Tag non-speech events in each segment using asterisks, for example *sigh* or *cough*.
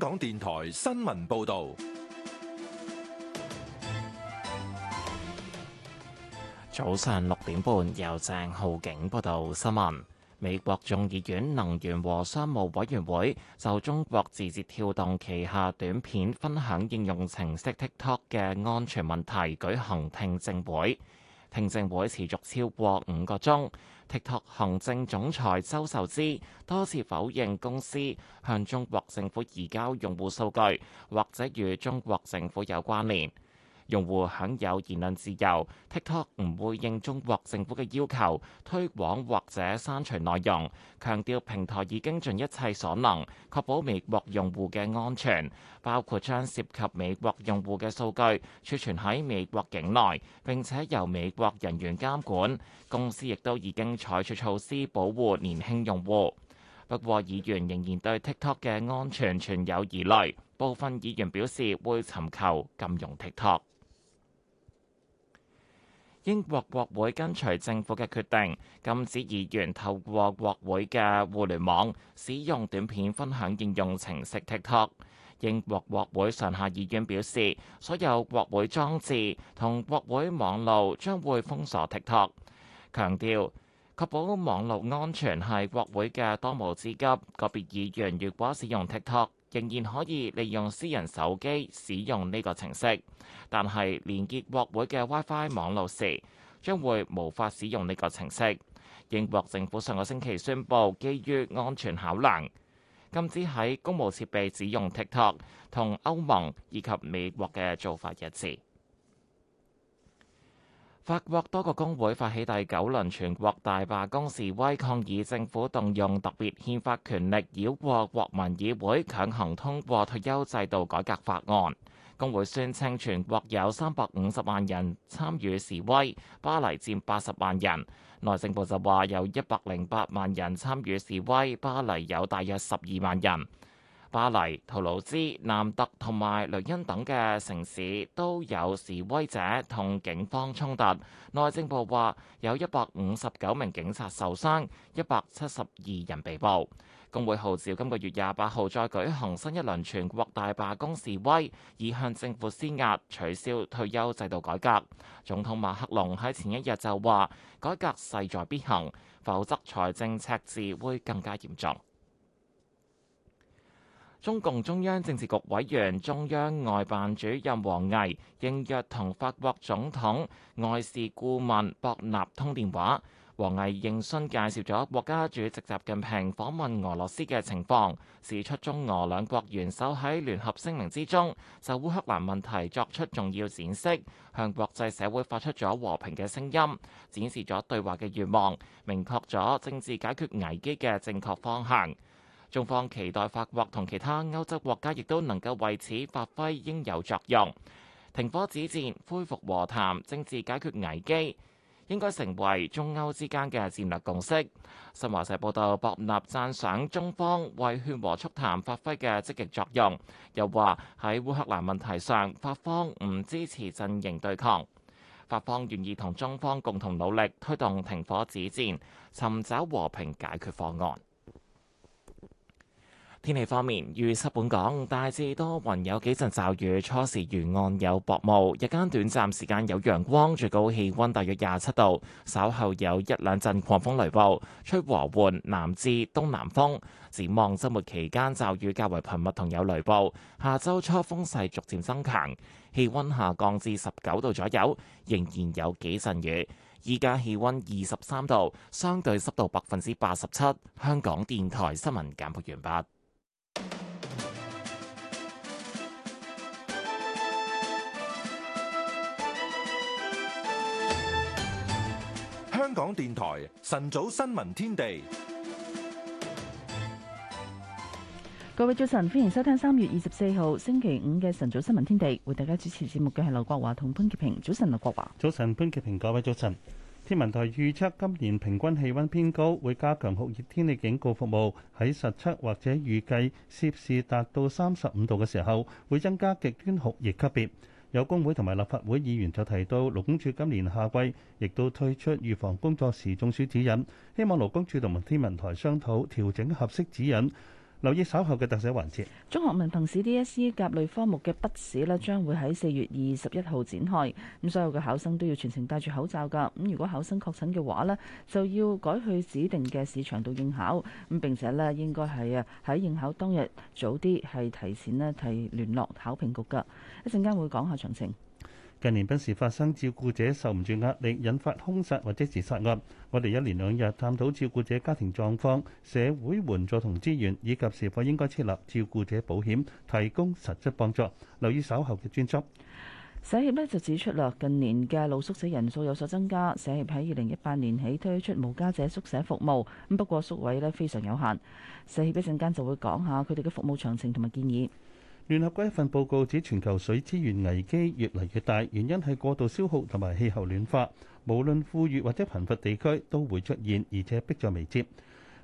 香港電台新聞報道，早上六點半，由鄭浩景報道新聞。美國眾議院能源和商務委員會就中國字節跳動旗下短片分享應用程式 TikTok 嘅安全問題舉行聽證會，聽證會持續超過五個鐘。TikTok 行政總裁周受資多次否認公司向中國政府移交用戶數據，或者與中國政府有關聯。用戶享有言論自由，TikTok 唔會應中國政府嘅要求推廣或者刪除內容。強調平台已經盡一切所能確保美國用戶嘅安全，包括將涉及美國用戶嘅數據儲存喺美國境內，並且由美國人員監管。公司亦都已經採取措施保護年輕用戶。不過，議員仍然對 TikTok 嘅安全存有疑慮，部分議員表示會尋求禁用 TikTok。英國國會跟隨政府嘅決定，禁止議員透過國會嘅互聯網使用短片分享應用程式 TikTok。英國國會上下議院表示，所有國會裝置同國會網路將會封鎖 TikTok，強調確保網絡安全係國會嘅當務之急。個別議員如果使用 TikTok，仍然可以利用私人手機使用呢個程式，但係連結國會嘅 WiFi 網絡時，將會無法使用呢個程式。英國政府上個星期宣布，基於安全考量，禁止喺公務設備使用 TikTok，同歐盟以及美國嘅做法一致。法國多個工會發起第九輪全國大罷工示威，抗議政府動用特別憲法權力繞過國民議會強行通過退休制度改革法案。工會宣稱全國有三百五十萬人參與示威，巴黎佔八十萬人。內政部就話有一百零八萬人參與示威，巴黎有大約十二萬人。巴黎、圖盧茲、南特同埋雷恩等嘅城市都有示威者同警方衝突。內政部話有一百五十九名警察受傷，一百七十二人被捕。工會號召今個月廿八號再舉行新一輪全國大罷工示威，以向政府施壓取消退休制度改革。總統馬克龍喺前一日就話改革勢在必行，否則財政赤字會更加嚴重。中共中央政治局委員、中央外辦主任王毅應約同法國總統外事顧問博納通電話，王毅應詢介紹咗國家主席習近平訪問俄羅斯嘅情況，指出中俄兩國元首喺聯合聲明之中就烏克蘭問題作出重要展示，向國際社會發出咗和平嘅聲音，展示咗對話嘅願望，明確咗政治解決危機嘅正確方向。中方期待法國同其他歐洲國家亦都能夠為此發揮應有作用，停火止戰、恢復和談、政治解決危機，應該成為中歐之間嘅戰略共識。新華社報道，博納讚賞中方為勸和促談發揮嘅積極作用，又話喺烏克蘭問題上，法方唔支持陣營對抗，法方願意同中方共同努力推動停火止戰，尋找和平解決方案。天氣方面，預測本港大致多雲，有幾陣驟雨，初時沿岸有薄霧，日間短暫時間有陽光，最高氣溫大約廿七度。稍後有一兩陣狂風雷暴，吹和緩南至東南風。展望周末期間驟雨較為頻密，同有雷暴。下周初風勢逐漸增強，氣溫下降至十九度左右，仍然有幾陣雨。依家氣溫二十三度，相對濕度百分之八十七。香港電台新聞簡報完畢。香港電台晨早新聞天地，各位早晨，歡迎收聽三月二十四號星期五嘅晨早新聞天地。為大家主持節目嘅係劉國華同潘潔平。早晨，劉國華。早晨，潘潔平。各位早晨。天文台預測今年平均氣温偏高，會加強酷熱天氣警告服務。喺實測或者預計攝氏達到三十五度嘅時候，會增加極端酷熱級別。有工會同埋立法會議員就提到，勞工處今年夏季亦都推出預防工作時中暑指引，希望勞工處同埋天文台商討調整合適指引。留意稍後嘅特寫環節。中學文憑試 DSE 甲類科目嘅筆試咧，將會喺四月二十一號展開。咁所有嘅考生都要全程戴住口罩㗎。咁如果考生確診嘅話咧，就要改去指定嘅試場度應考。咁並且咧，應該係啊喺應考當日早啲係提前咧提聯絡考評局㗎。一陣間會講下詳情。近年不時發生照顧者受唔住壓力，引發兇殺或者自殺案。我哋一連兩日探討照顧者家庭狀況、社會援助同資源，以及是否應該設立照顧者保險，提供實質幫助。留意稍後嘅專輯。社協咧就指出啦，近年嘅露宿者人數有所增加。社協喺二零一八年起推出無家者宿舍服務，咁不過宿位咧非常有限。社協一陣間就會講下佢哋嘅服務詳情同埋建議。聯合國一份報告指，全球水資源危機越嚟越大，原因係過度消耗同埋氣候暖化，無論富裕或者貧乏地區都會出現，而且迫在眉睫。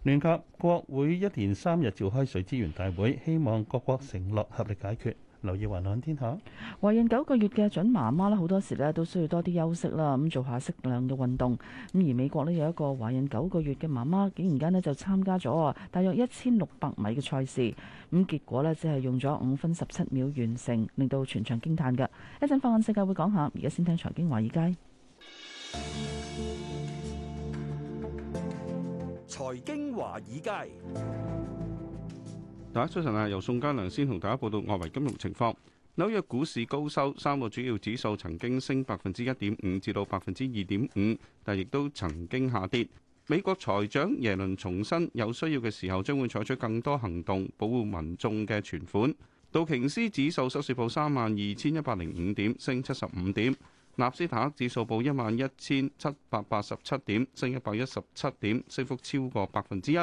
聯合國會一連三日召開水資源大會，希望各國承諾合力解決。留意雲朗天下，懷孕九個月嘅準媽媽咧，好多時咧都需要多啲休息啦，咁做下適量嘅運動。咁而美國咧有一個懷孕九個月嘅媽媽，竟然間咧就參加咗啊，大約一千六百米嘅賽事，咁結果咧只係用咗五分十七秒完成，令到全場驚歎嘅。一陣放眼世界會講下，而家先聽財經華爾街。財經華爾街。大家早晨啊！由宋嘉良先同大家報道外圍金融情況。紐約股市高收，三個主要指數曾經升百分之一點五至到百分之二點五，但亦都曾經下跌。美國財長耶倫重申，有需要嘅時候將會採取更多行動保護民眾嘅存款。道瓊斯指數收市報三萬二千一百零五點，升七十五點。納斯達克指數報一萬一千七百八十七點，升一百一十七點，升幅超過百分之一。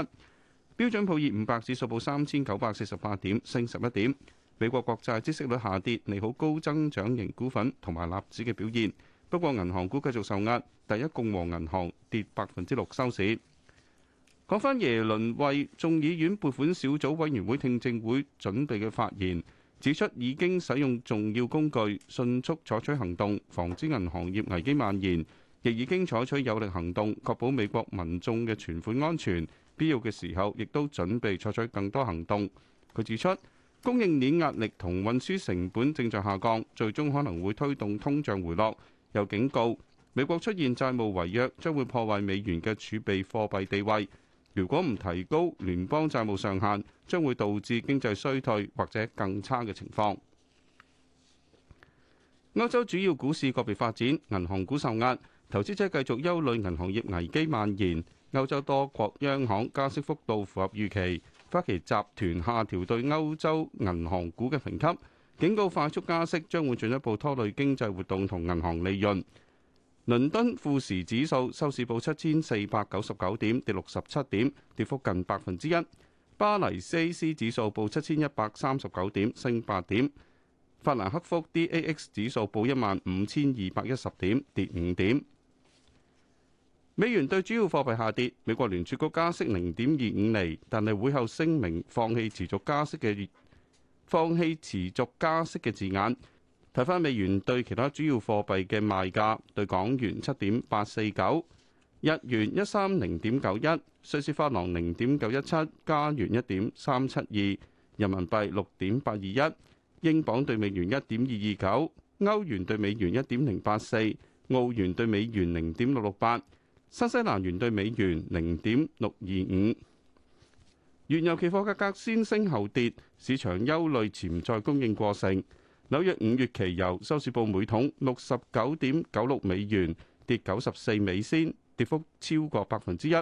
標準普爾五百指數報三千九百四十八點，升十一點。美國國債孳息率下跌，利好高增長型股份同埋納指嘅表現。不過銀行股繼續受壓，第一共和銀行跌百分之六收市。講返耶倫為眾議院撥款小組委員會聽證會準備嘅發言，指出已經使用重要工具，迅速採取行動，防止銀行業危機蔓延，亦已經採取有力行動，確保美國民眾嘅存款安全。必要嘅時候，亦都準備採取更多行動。佢指出，供應鏈壓力同運輸成本正在下降，最終可能會推動通脹回落。又警告美國出現債務違約，將會破壞美元嘅儲備貨幣地位。如果唔提高聯邦債務上限，將會導致經濟衰退或者更差嘅情況。歐洲主要股市個別發展，銀行股受壓，投資者繼續憂慮銀行業危機蔓延。歐洲多國央行加息幅度符合預期，花旗集團下調對歐洲銀行股嘅評級，警告快速加息將會進一步拖累經濟活動同銀行利潤。倫敦富時指數收市報七千四百九十九點，跌六十七點，跌幅近百分之一。巴黎 CAC 指數報七千一百三十九點，升八點。法蘭克福 DAX 指數報一萬五千二百一十點，跌五點。美元對主要貨幣下跌，美國聯儲局加息零點二五厘，但係會後聲明放棄持續加息嘅放棄持續加息嘅字眼。睇翻美元對其他主要貨幣嘅賣價，對港元七點八四九，日元一三零點九一，瑞士法郎零點九一七，加元一點三七二，人民幣六點八二一，英鎊對美元一點二二九，歐元對美元一點零八四，澳元對美元零點六六八。新西蘭元兌美元零點六二五，原油期貨價格先升後跌，市場憂慮潛在供應過剩。紐約五月期油收市報每桶六十九點九六美元，跌九十四美仙，跌幅超過百分之一。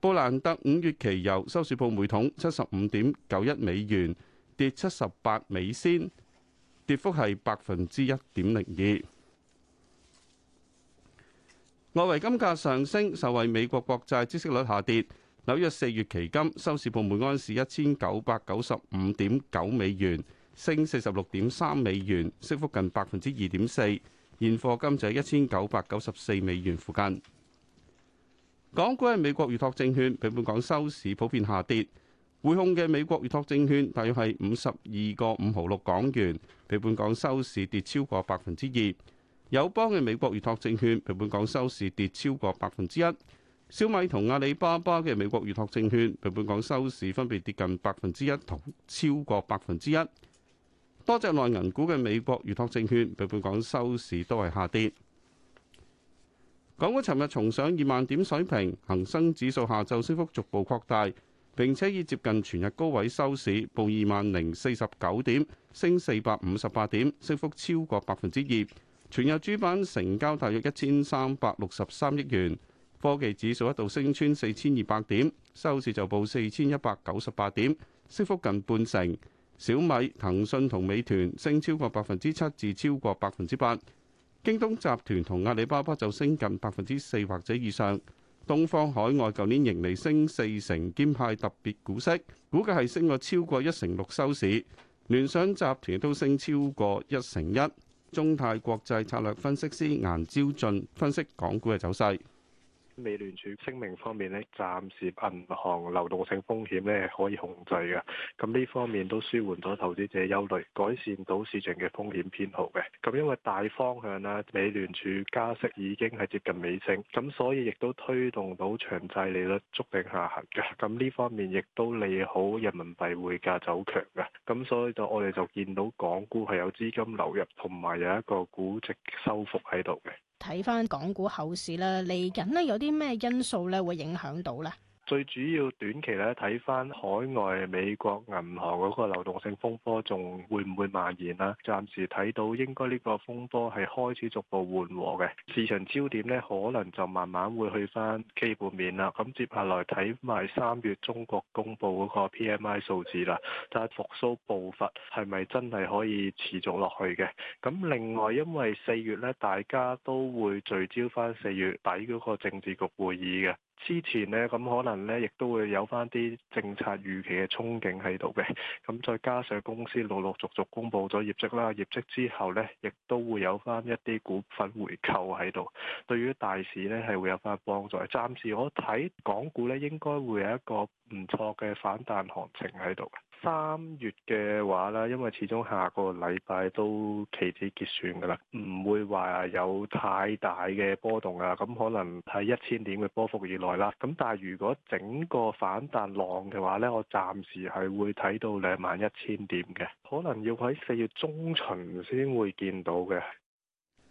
布蘭特五月期油收市報每桶七十五點九一美元，跌七十八美仙，跌幅係百分之一點零二。外圍金價上升，受惠美國國債孳息率下跌。紐約四月期金收市報每安士一千九百九十五點九美元，升四十六點三美元，升幅近百分之二點四。現貨金就喺一千九百九十四美元附近。港股係美國預託證券，比本港收市普遍下跌。匯控嘅美國預託證券大約係五十二個五毫六港元，比本港收市跌超過百分之二。友邦嘅美國預託證券比本港收市跌超過百分之一；小米同阿里巴巴嘅美國預託證券比本港收市分別跌近百分之一同超過百分之一。多隻內銀股嘅美國預託證券比本港收市都係下跌。港股尋日重上二萬點水平，恒生指數下晝升幅逐步擴大，並且已接近全日高位收市，報二萬零四十九點，升四百五十八點，升幅超過百分之二。全日主板成交大約一千三百六十三億元，科技指數一度升穿四千二百點，收市就報四千一百九十八點，升幅近半成。小米、騰訊同美團升超過百分之七至超過百分之八，京東集團同阿里巴巴就升近百分之四或者以上。東方海外舊年盈利升四成，兼派特別股息，估計係升過超過一成六收市。聯想集團都升超過一成一。中泰國際策略分析師顏朝俊分析港股嘅走勢。美聯儲聲明方面咧，暫時銀行流動性風險咧可以控制嘅，咁呢方面都舒緩咗投資者憂慮，改善到市場嘅風險偏好嘅。咁因為大方向啦，美聯儲加息已經係接近尾聲，咁所以亦都推動到長債利率逐漸下行嘅。咁呢方面亦都利好人民幣匯價走強嘅。咁所以就我哋就見到港股係有資金流入，同埋有一個估值收復喺度嘅。睇翻港股後市啦，嚟緊咧有啲咩因素咧會影響到咧？最主要短期咧睇翻海外美國銀行嗰個流動性風波，仲會唔會蔓延啦、啊？暫時睇到應該呢個風波係開始逐步緩和嘅，市場焦點咧可能就慢慢會去翻基本面啦。咁、嗯、接下來睇埋三月中國公布嗰個 PMI 數字啦，就係復甦步伐係咪真係可以持續落去嘅？咁另外因為四月咧，大家都會聚焦翻四月底嗰個政治局會議嘅。之前呢，咁可能呢亦都會有翻啲政策預期嘅憧憬喺度嘅。咁再加上公司陸陸續續公布咗業績啦，業績之後呢亦都會有翻一啲股份回購喺度。對於大市呢係會有翻幫助。暫時我睇港股呢應該會有一個唔錯嘅反彈行情喺度。三月嘅話咧，因為始終下個禮拜都期指結算噶啦，唔會話有太大嘅波動啊。咁可能係一千點嘅波幅以內啦。咁但係如果整個反彈浪嘅話咧，我暫時係會睇到兩萬一千點嘅，可能要喺四月中旬先會見到嘅。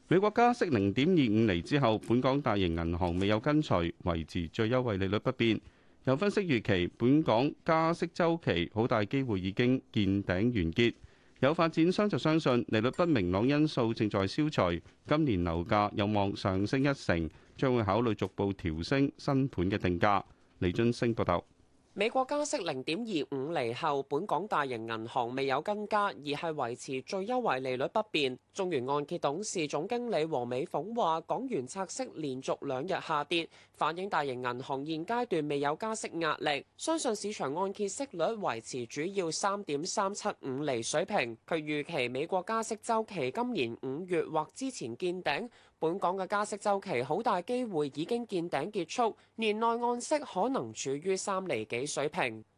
美國加息零點二五厘之後，本港大型銀行未有跟隨，維持最優惠利率不變。有分析預期，本港加息週期好大機會已經見頂完結。有發展商就相信利率不明朗因素正在消除，今年樓價有望上升一成，將會考慮逐步調升新盤嘅定價。李俊升報道。美國加息零點二五厘後，本港大型銀行未有跟加，而係維持最優惠利率不變。中原按揭董事總經理黃美鳳話：港元拆息連續兩日下跌，反映大型銀行現階段未有加息壓力，相信市場按揭息率維持主要三點三七五厘水平。佢預期美國加息週期今年五月或之前見頂。本港嘅加息周期好大機會已經見頂結束，年內按息可能處於三厘幾水平。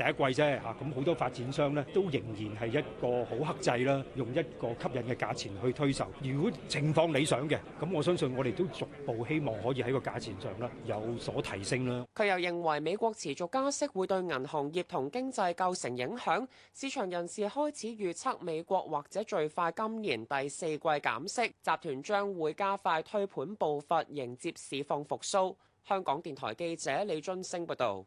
第一季啫吓，咁好多發展商咧都仍然係一個好克制啦，用一個吸引嘅價錢去推售。如果情況理想嘅，咁我相信我哋都逐步希望可以喺個價錢上啦有所提升啦。佢又認為美國持續加息會對銀行業同經濟構成影響，市場人士開始預測美國或者最快今年第四季減息，集團將會加快推盤步伐，迎接市況復甦。香港電台記者李津升報道。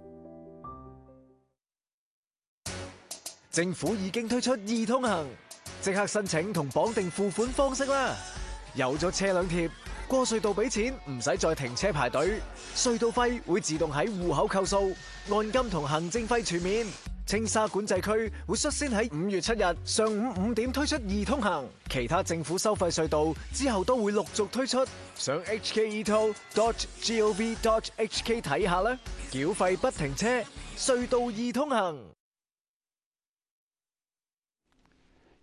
政府已經推出易通行，即刻申請同綁定付款方式啦！有咗車輛貼，過隧道俾錢，唔使再停車排隊。隧道費會自動喺戶口扣數，按金同行政費全免。青沙管制區會率先喺五月七日上午五點推出易通行，其他政府收費隧道之後都會陸續推出。上 hketo.gov.hk 睇下啦！繳費不停車，隧道易通行。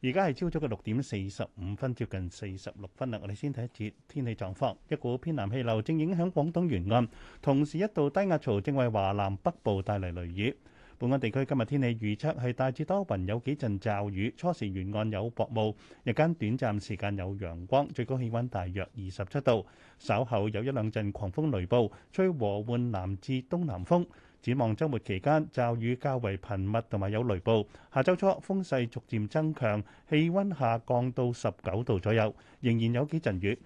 而家係朝早嘅六點四十五分，接近四十六分啦。我哋先睇一節天氣狀況。一股偏南氣流正影響廣東沿岸，同時一度低壓槽正為華南北部帶嚟雷雨。本港地區今日天氣預測係大致多雲，有幾陣驟雨，初時沿岸有薄霧，日間短暫時間有陽光，最高氣溫大約二十七度。稍後有一兩陣狂風雷暴，吹和緩南至東南風。展望周末期間，驟雨較為頻密，同埋有雷暴。下周初風勢逐漸增強，氣温下降到十九度左右，仍然有幾陣雨。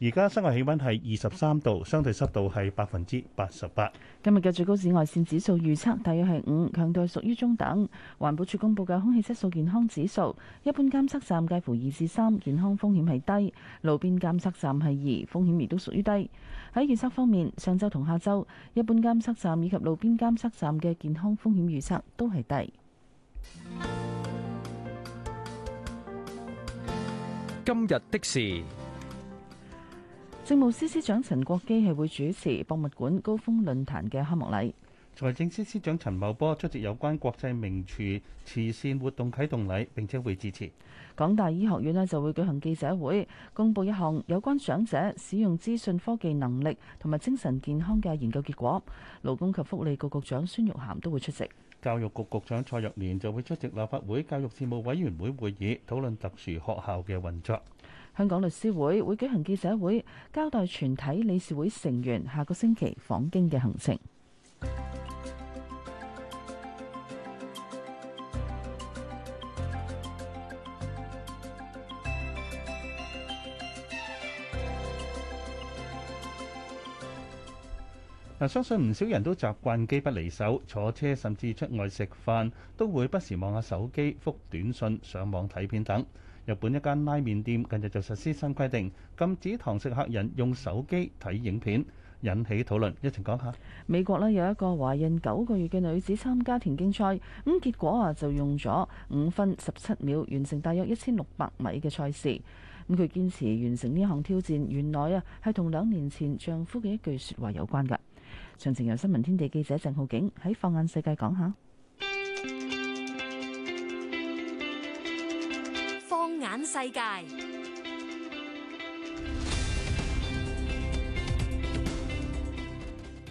而家室外氣溫係二十三度，相對濕度係百分之八十八。今日嘅最高紫外線指數預測大約係五，強度屬於中等。環保署公布嘅空氣質素健康指數，一般監測站介乎二至三，健康風險係低；路邊監測站係二，風險亦都屬於低。喺預測方面，上周同下周，一般監測站以及路邊監測站嘅健康風險預測都係低。今日的事，政務司司長陳國基係會主持博物館高峰論壇嘅開幕禮。財政司司長陳茂波出席有關國際名廚慈善活動啟動禮，並且會致辭。港大醫學院呢就會舉行記者會，公布一項有關長者使用資訊科技能力同埋精神健康嘅研究結果。勞工及福利局局長孫玉菡都會出席。教育局局長蔡若蓮就會出席立法會教育事務委員會會議，討論特殊學校嘅運作。香港律師會會舉行記者會，交代全體理事會成員下個星期訪京嘅行程。嗱，相信唔少人都習慣機不離手，坐車甚至出外食飯都會不時望下手機、覆短信、上網睇片等。日本一間拉麵店近日就實施新規定，禁止堂食客人用手機睇影片。引起討論，一齊講下。美國咧，有一個懷孕九個月嘅女子參加田徑賽，咁結果啊就用咗五分十七秒完成大約一千六百米嘅賽事。咁佢堅持完成呢項挑戰，原來啊係同兩年前丈夫嘅一句説話有關嘅。詳情由新聞天地記者鄭浩景喺放眼世界講下。放眼世界。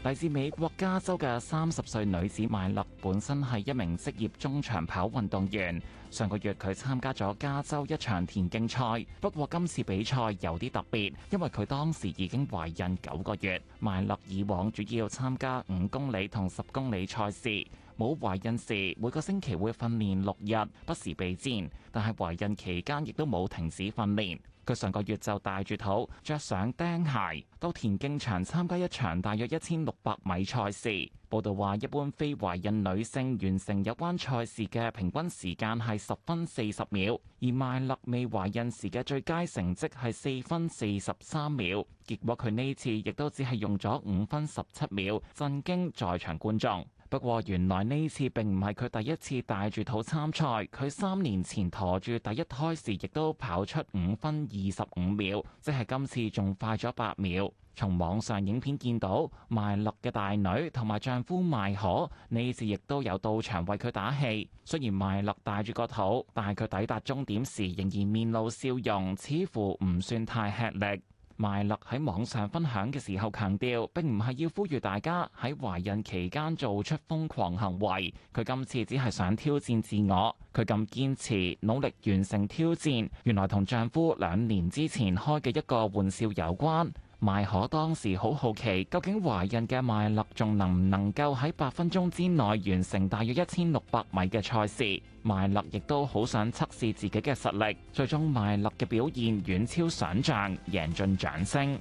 嚟自美國加州嘅三十歲女子邁勒，本身係一名職業中長跑運動員。上個月佢參加咗加州一場田徑賽，不過今次比賽有啲特別，因為佢當時已經懷孕九個月。邁勒以往主要參加五公里同十公里賽事，冇懷孕時，每個星期會訓練六日，不時備戰。但係懷孕期間亦都冇停止訓練。佢上個月就大住肚，着上釘鞋到田徑場參加一場大約一千六百米賽事。報道話，一般非懷孕女性完成有關賽事嘅平均時間係十分四十秒，而麥勒未懷孕時嘅最佳成績係四分四十三秒。結果佢呢次亦都只係用咗五分十七秒，震驚在場觀眾。不過，原來呢次並唔係佢第一次帶住肚參賽，佢三年前陀住第一胎時，亦都跑出五分二十五秒，即係今次仲快咗八秒。從網上影片見到，麥樂嘅大女同埋丈夫麥可呢次亦都有到場為佢打氣。雖然麥樂帶住個肚，但係佢抵達終點時仍然面露笑容，似乎唔算太吃力。麥勒喺網上分享嘅時候強調，並唔係要呼籲大家喺懷孕期間做出瘋狂行為。佢今次只係想挑戰自我。佢咁堅持努力完成挑戰，原來同丈夫兩年之前開嘅一個玩笑有關。麥可當時好好奇，究竟懷孕嘅麥勒仲能唔能夠喺八分鐘之內完成大約一千六百米嘅賽事。邁勒亦都好想測試自己嘅實力，最終邁勒嘅表現遠超想象，贏盡掌聲。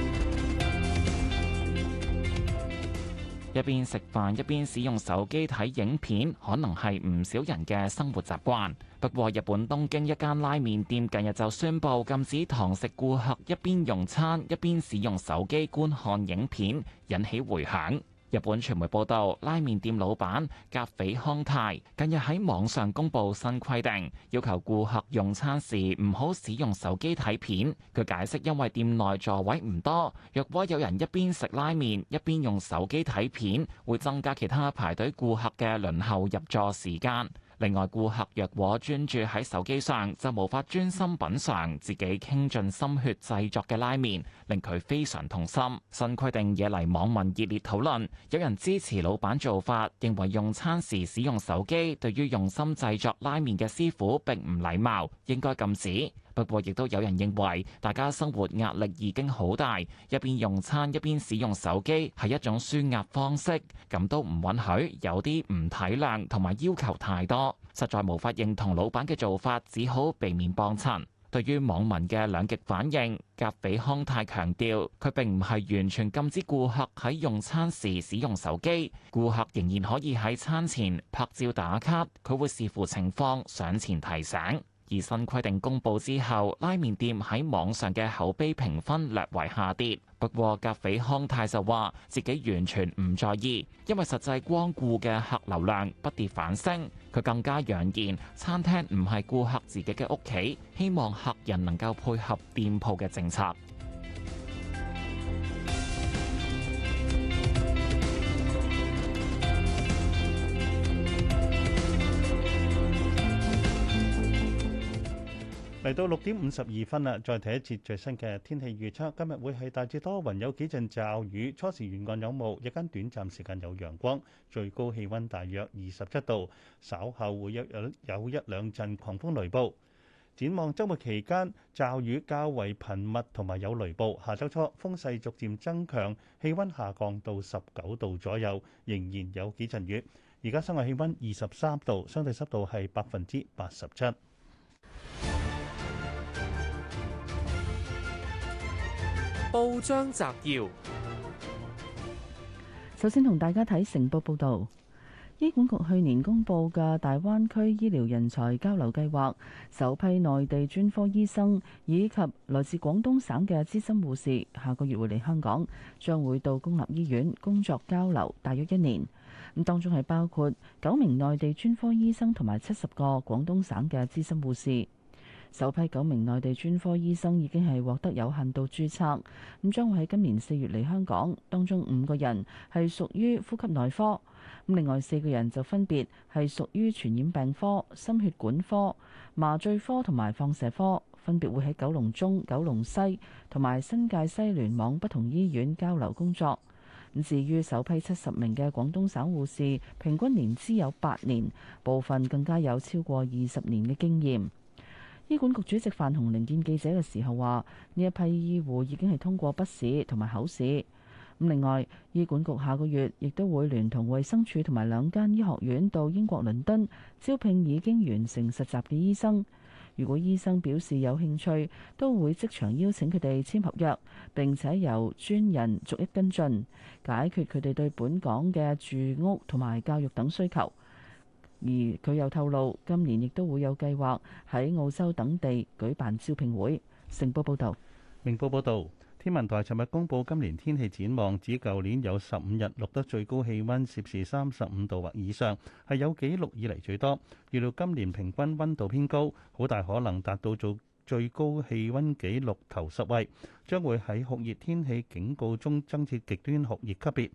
*music* 一邊食飯一邊使用手機睇影片，可能係唔少人嘅生活習慣。不過，日本東京一間拉麵店近日就宣布禁止堂食顧客一邊用餐一邊使用手機觀看影片，引起迴響。日本傳媒報道，拉麵店老闆甲斐康泰近日喺網上公布新規定，要求顧客用餐時唔好使用手機睇片。佢解釋因為店內座位唔多，若果有人一邊食拉麵一邊用手機睇片，會增加其他排隊顧客嘅輪候入座時間。另外，顧客若果專注喺手機上，就無法專心品嚐自己傾盡心血製作嘅拉麵，令佢非常痛心。新規定惹嚟網民熱烈討論，有人支持老闆做法，認為用餐時使用手機對於用心製作拉麵嘅師傅並唔禮貌，應該禁止。不過，亦都有人認為大家生活壓力已經好大，一邊用餐一邊使用手機係一種舒壓方式，咁都唔允許。有啲唔體諒同埋要求太多，實在無法認同老闆嘅做法，只好避免幫襯。對於網民嘅兩極反應，甲比康泰強調，佢並唔係完全禁止顧客喺用餐時使用手機，顧客仍然可以喺餐前拍照打卡，佢會視乎情況上前提醒。而新規定公布之後，拉麵店喺網上嘅口碑評分略為下跌。不過，格斐康泰就話自己完全唔在意，因為實際光顧嘅客流量不跌反升。佢更加揚言，餐廳唔係顧客自己嘅屋企，希望客人能夠配合店鋪嘅政策。嚟到六點五十二分啦，再睇一次最新嘅天氣預測。今日會係大致多雲，有幾陣驟雨。初時沿岸有霧，日間短暫時間有陽光，最高氣温大約二十七度。稍後會有有一兩陣狂風雷暴。展望週末期間，驟雨較為頻密，同埋有，有雷暴。下週初風勢逐漸增強，氣温下降到十九度左右，仍然有幾陣雨。而家室外氣温二十三度，相對濕度係百分之八十七。報章摘要：首先同大家睇《成報》報道，醫管局去年公布嘅大灣區醫療人才交流計劃，首批內地專科醫生以及來自廣東省嘅資深護士，下個月會嚟香港，將會到公立醫院工作交流大約一年。咁當中係包括九名內地專科醫生同埋七十個廣東省嘅資深護士。首批九名內地專科醫生已經係獲得有限度註冊，咁將會喺今年四月嚟香港。當中五個人係屬於呼吸內科，另外四個人就分別係屬於傳染病科、心血管科、麻醉科同埋放射科，分別會喺九龍中、九龍西同埋新界西聯網不同醫院交流工作。至於首批七十名嘅廣東省護士，平均年資有八年，部分更加有超過二十年嘅經驗。醫管局主席范鴻齡見記者嘅時候話：呢一批醫護已經係通過筆試同埋考試。咁另外，醫管局下個月亦都會聯同衛生署同埋兩間醫學院到英國倫敦招聘，已經完成實習嘅醫生。如果醫生表示有興趣，都會即場邀請佢哋簽合約，並且由專人逐一跟進，解決佢哋對本港嘅住屋同埋教育等需求。而佢又透露，今年亦都會有計劃喺澳洲等地舉辦招聘會。成報報導，明報報導，天文台尋日公布今年天氣展望，指舊年有十五日錄得最高氣温攝氏三十五度或以上，係有紀錄以嚟最多。預料今年平均温度偏高，好大可能達到做最高氣温紀錄頭十位，將會喺酷熱天氣警告中增設極端酷熱級別。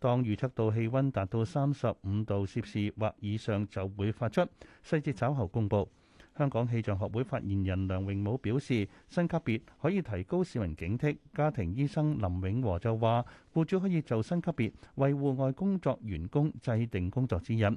當預測到氣温達到三十五度攝氏或以上就會發出，細節稍後公布。香港氣象學會發言人梁榮武表示，新級別可以提高市民警惕。家庭醫生林永和就話，雇主可以就新級別為戶外工作員工制定工作指引。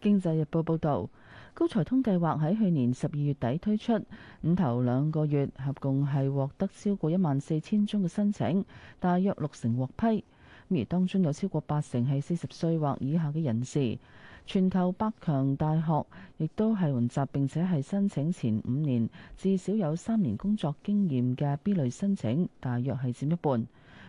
經濟日報報導，高才通計劃喺去年十二月底推出，五頭兩個月合共係獲得超過一萬四千宗嘅申請，大約六成獲批。而當中有超過八成係四十歲或以下嘅人士，全球百強大學亦都係雲集並且係申請前五年至少有三年工作經驗嘅 B 類申請，大約係佔一半。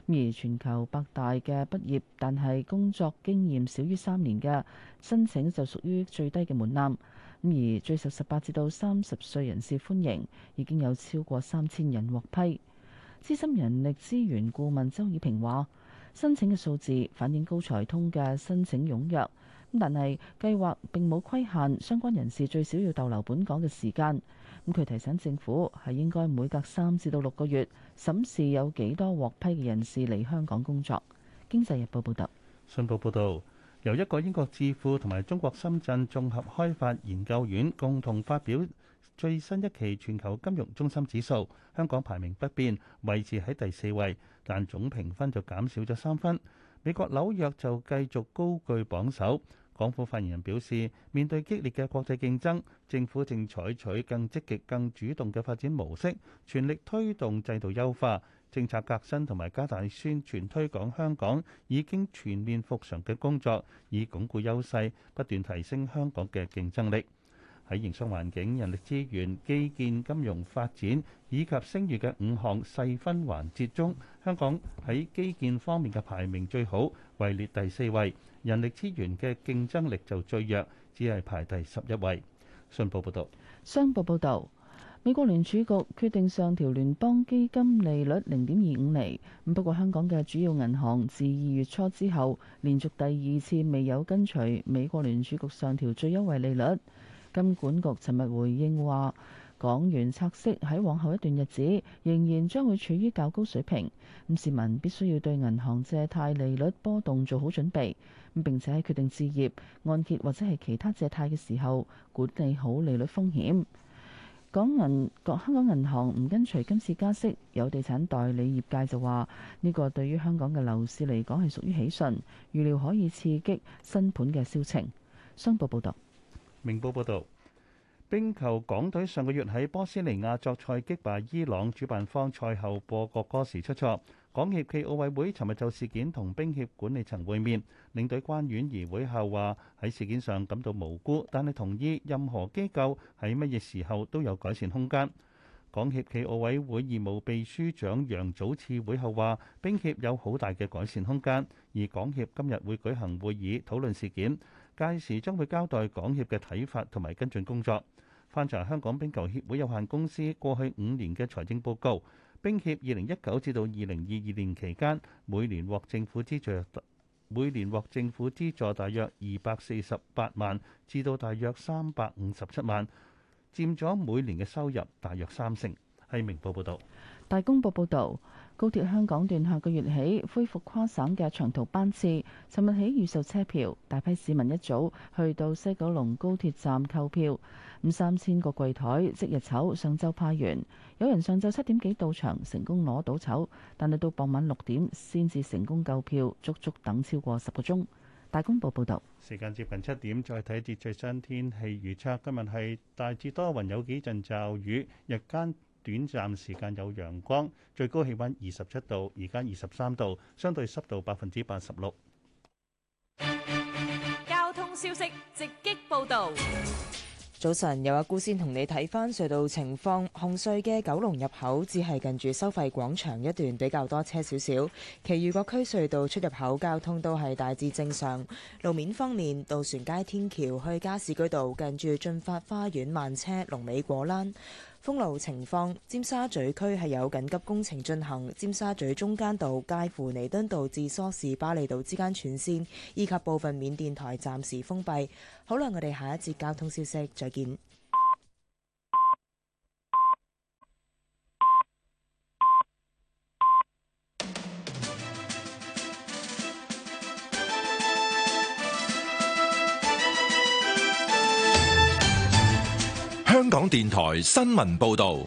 而全球百大嘅畢業，但係工作經驗少於三年嘅申請就屬於最低嘅門檻，而最受十八至到三十歲人士歡迎，已經有超過三千人獲批。資深人力資源顧問周以平話申請嘅數字反映高才通嘅申請踴躍，但係計劃並冇規限相關人士最少要逗留本港嘅時間。咁佢提醒政府係應該每隔三至到六個月審視有幾多獲批嘅人士嚟香港工作。經濟日報報道，信報報導，由一個英國智庫同埋中國深圳綜合開發研究院共同發表最新一期全球金融中心指數，香港排名不變，位置喺第四位，但總評分就減少咗三分。美國紐約就繼續高居榜首。港府發言人表示，面對激烈嘅國際競爭，政府正採取更積極、更主動嘅發展模式，全力推動制度優化、政策革新同埋加大宣傳推廣香港已經全面復常嘅工作，以鞏固優勢，不斷提升香港嘅競爭力。喺營商環境、人力資源、基建、金融發展以及聲譽嘅五項細分環節中，香港喺基建方面嘅排名最好，位列第四位。人力資源嘅競爭力就最弱，只係排第十一位。信報報道，商報報道，美國聯儲局決定上調聯邦基金利率零點二五厘。不過香港嘅主要銀行自二月初之後，連續第二次未有跟隨美國聯儲局上調最優惠利率。金管局尋日回應話，港元拆息喺往後一段日子仍然將會處於較高水平，咁市民必須要對銀行借貸利率波動做好準備，並且喺決定置業按揭或者係其他借貸嘅時候管理好利率風險。港銀，各香港銀行唔跟隨今次加息，有地產代理業界就話，呢個對於香港嘅樓市嚟講，係屬於喜訊，預料可以刺激新盤嘅銷情。商報報道，明報報道。冰球港隊上個月喺波斯尼亞作賽擊敗伊朗，主辦方賽後播國歌時出錯。港協暨奧委會尋日就事件同冰協管理層會面，領隊關婉怡會後話喺事件上感到無辜，但係同意任何機構喺乜嘢時候都有改善空間。港協暨奧委會義務秘書長楊祖賜會後話，冰協有好大嘅改善空間，而港協今日會舉行會議討論事件。屆時將會交代港協嘅睇法同埋跟進工作。翻查香港冰球協會有限公司過去五年嘅財政報告，冰協二零一九至到二零二二年期間，每年獲政府資助，每年獲政府資助大約二百四十八萬至到大約三百五十七萬，佔咗每年嘅收入大約三成。係明報報道。大公報報道。高鐵香港段下個月起恢復跨省嘅長途班次，尋日起預售車票，大批市民一早去到西九龍高鐵站購票。五三千個櫃台即日籌，上周派完，有人上晝七點幾到場成功攞到籌，但係到傍晚六點先至成功購票，足足等超過十個鐘。大公報報道。時間接近七點，再睇一節最新天氣預測。今日係大致多雲，有幾陣驟雨，日間。短暫時間有陽光，最高氣温二十七度，而家二十三度，相對濕度百分之八十六。交通消息直擊報導，早晨有阿姑先同你睇返隧道情況，紅隧嘅九龍入口只係近住收費廣場一段比較多車少少，其餘各區隧道出入口交通都係大致正常。路面方面，渡船街天橋去加士居道近住進發花園慢車龍尾果欄。封路情況，尖沙咀區係有緊急工程進行，尖沙咀中間道介乎彌敦道至梳士巴利道之間全線，以及部分緬甸臺暫時封閉。好啦，我哋下一節交通消息，再見。港電臺新聞報道：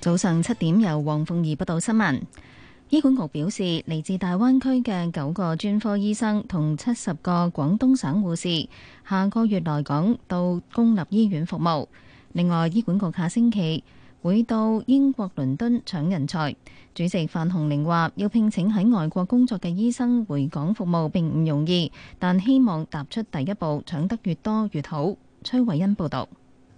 早上七點由黃鳳儀報道新聞。醫管局表示，嚟自大灣區嘅九個專科醫生同七十個廣東省護士，下個月來港到公立醫院服務。另外，醫管局下星期。會到英國倫敦搶人才，主席范洪玲話，要聘請喺外國工作嘅醫生回港服務，並唔容易，但希望踏出第一步，搶得越多越好。崔慧恩報道。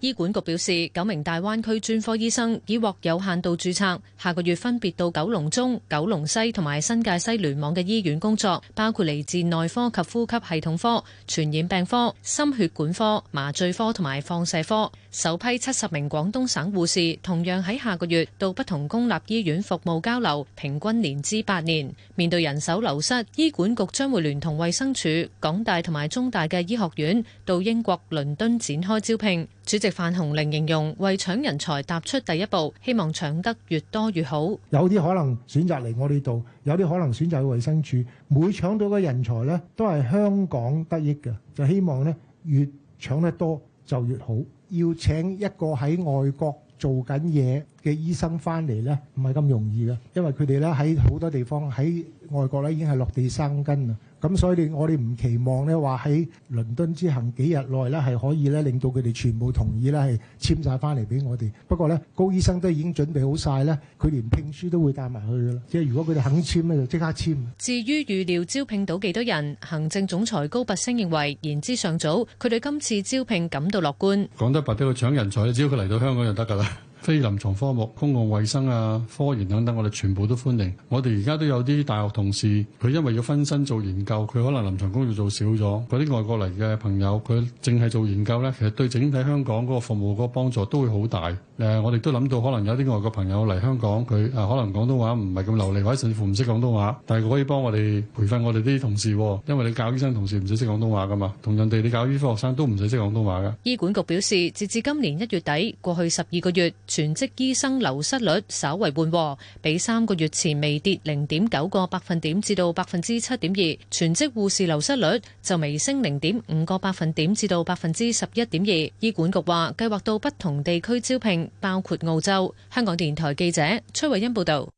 醫管局表示，九名大灣區專科醫生已獲有限度注冊，下個月分別到九龍中、九龍西同埋新界西聯網嘅醫院工作，包括嚟自內科及呼吸系統科、傳染病科、心血管科、麻醉科同埋放射科。首批七十名廣東省護士同樣喺下個月到不同公立醫院服務交流，平均年資，八年。面對人手流失，醫管局將會聯同衛生署、港大同埋中大嘅醫學院到英國倫敦展開招聘。主席范鴻齡，形容為搶人才踏出第一步，希望搶得越多越好。有啲可能選擇嚟我哋度，有啲可能選擇去衛生署。每搶到嘅人才咧，都係香港得益嘅，就希望咧越搶得多就越好。要請一個喺外國做緊嘢嘅醫生返嚟呢，唔係咁容易嘅，因為佢哋呢喺好多地方喺外國呢已經係落地生根啦。咁所以我哋唔期望咧，話喺倫敦之行幾日內咧，係可以咧令到佢哋全部同意咧，係簽晒翻嚟俾我哋。不過咧，高醫生都已經準備好晒咧，佢連聘書都會帶埋去噶啦。即係如果佢哋肯簽咧，就即刻簽。至於預料招聘到幾多人，行政總裁高拔升認為言之尚早，佢對今次招聘感到樂觀。講得白啲，去搶人才，只要佢嚟到香港就得㗎啦。非臨床科目、公共衛生啊、科研等等，我哋全部都歡迎。我哋而家都有啲大學同事，佢因為要分身做研究，佢可能臨床工作做少咗。嗰啲外國嚟嘅朋友，佢淨係做研究呢，其實對整體香港嗰個服務嗰個幫助都會好大。誒，我哋都諗到可能有啲外國朋友嚟香港，佢誒可能廣東話唔係咁流利，或者甚至乎唔識廣東話，但係佢可以幫我哋培訓我哋啲同事。因為你教醫生同事唔使識廣東話㗎嘛，同人哋你教醫科學生都唔使識廣東話㗎。醫管局表示，截至今年一月底，過去十二個月，全職醫生流失率稍為緩和，比三個月前微跌零點九個百分點至到百分之七點二。全職護士流失率就微升零點五個百分點至到百分之十一點二。醫管局話，計劃到不同地區招聘，包括澳洲。香港電台記者崔慧欣報導。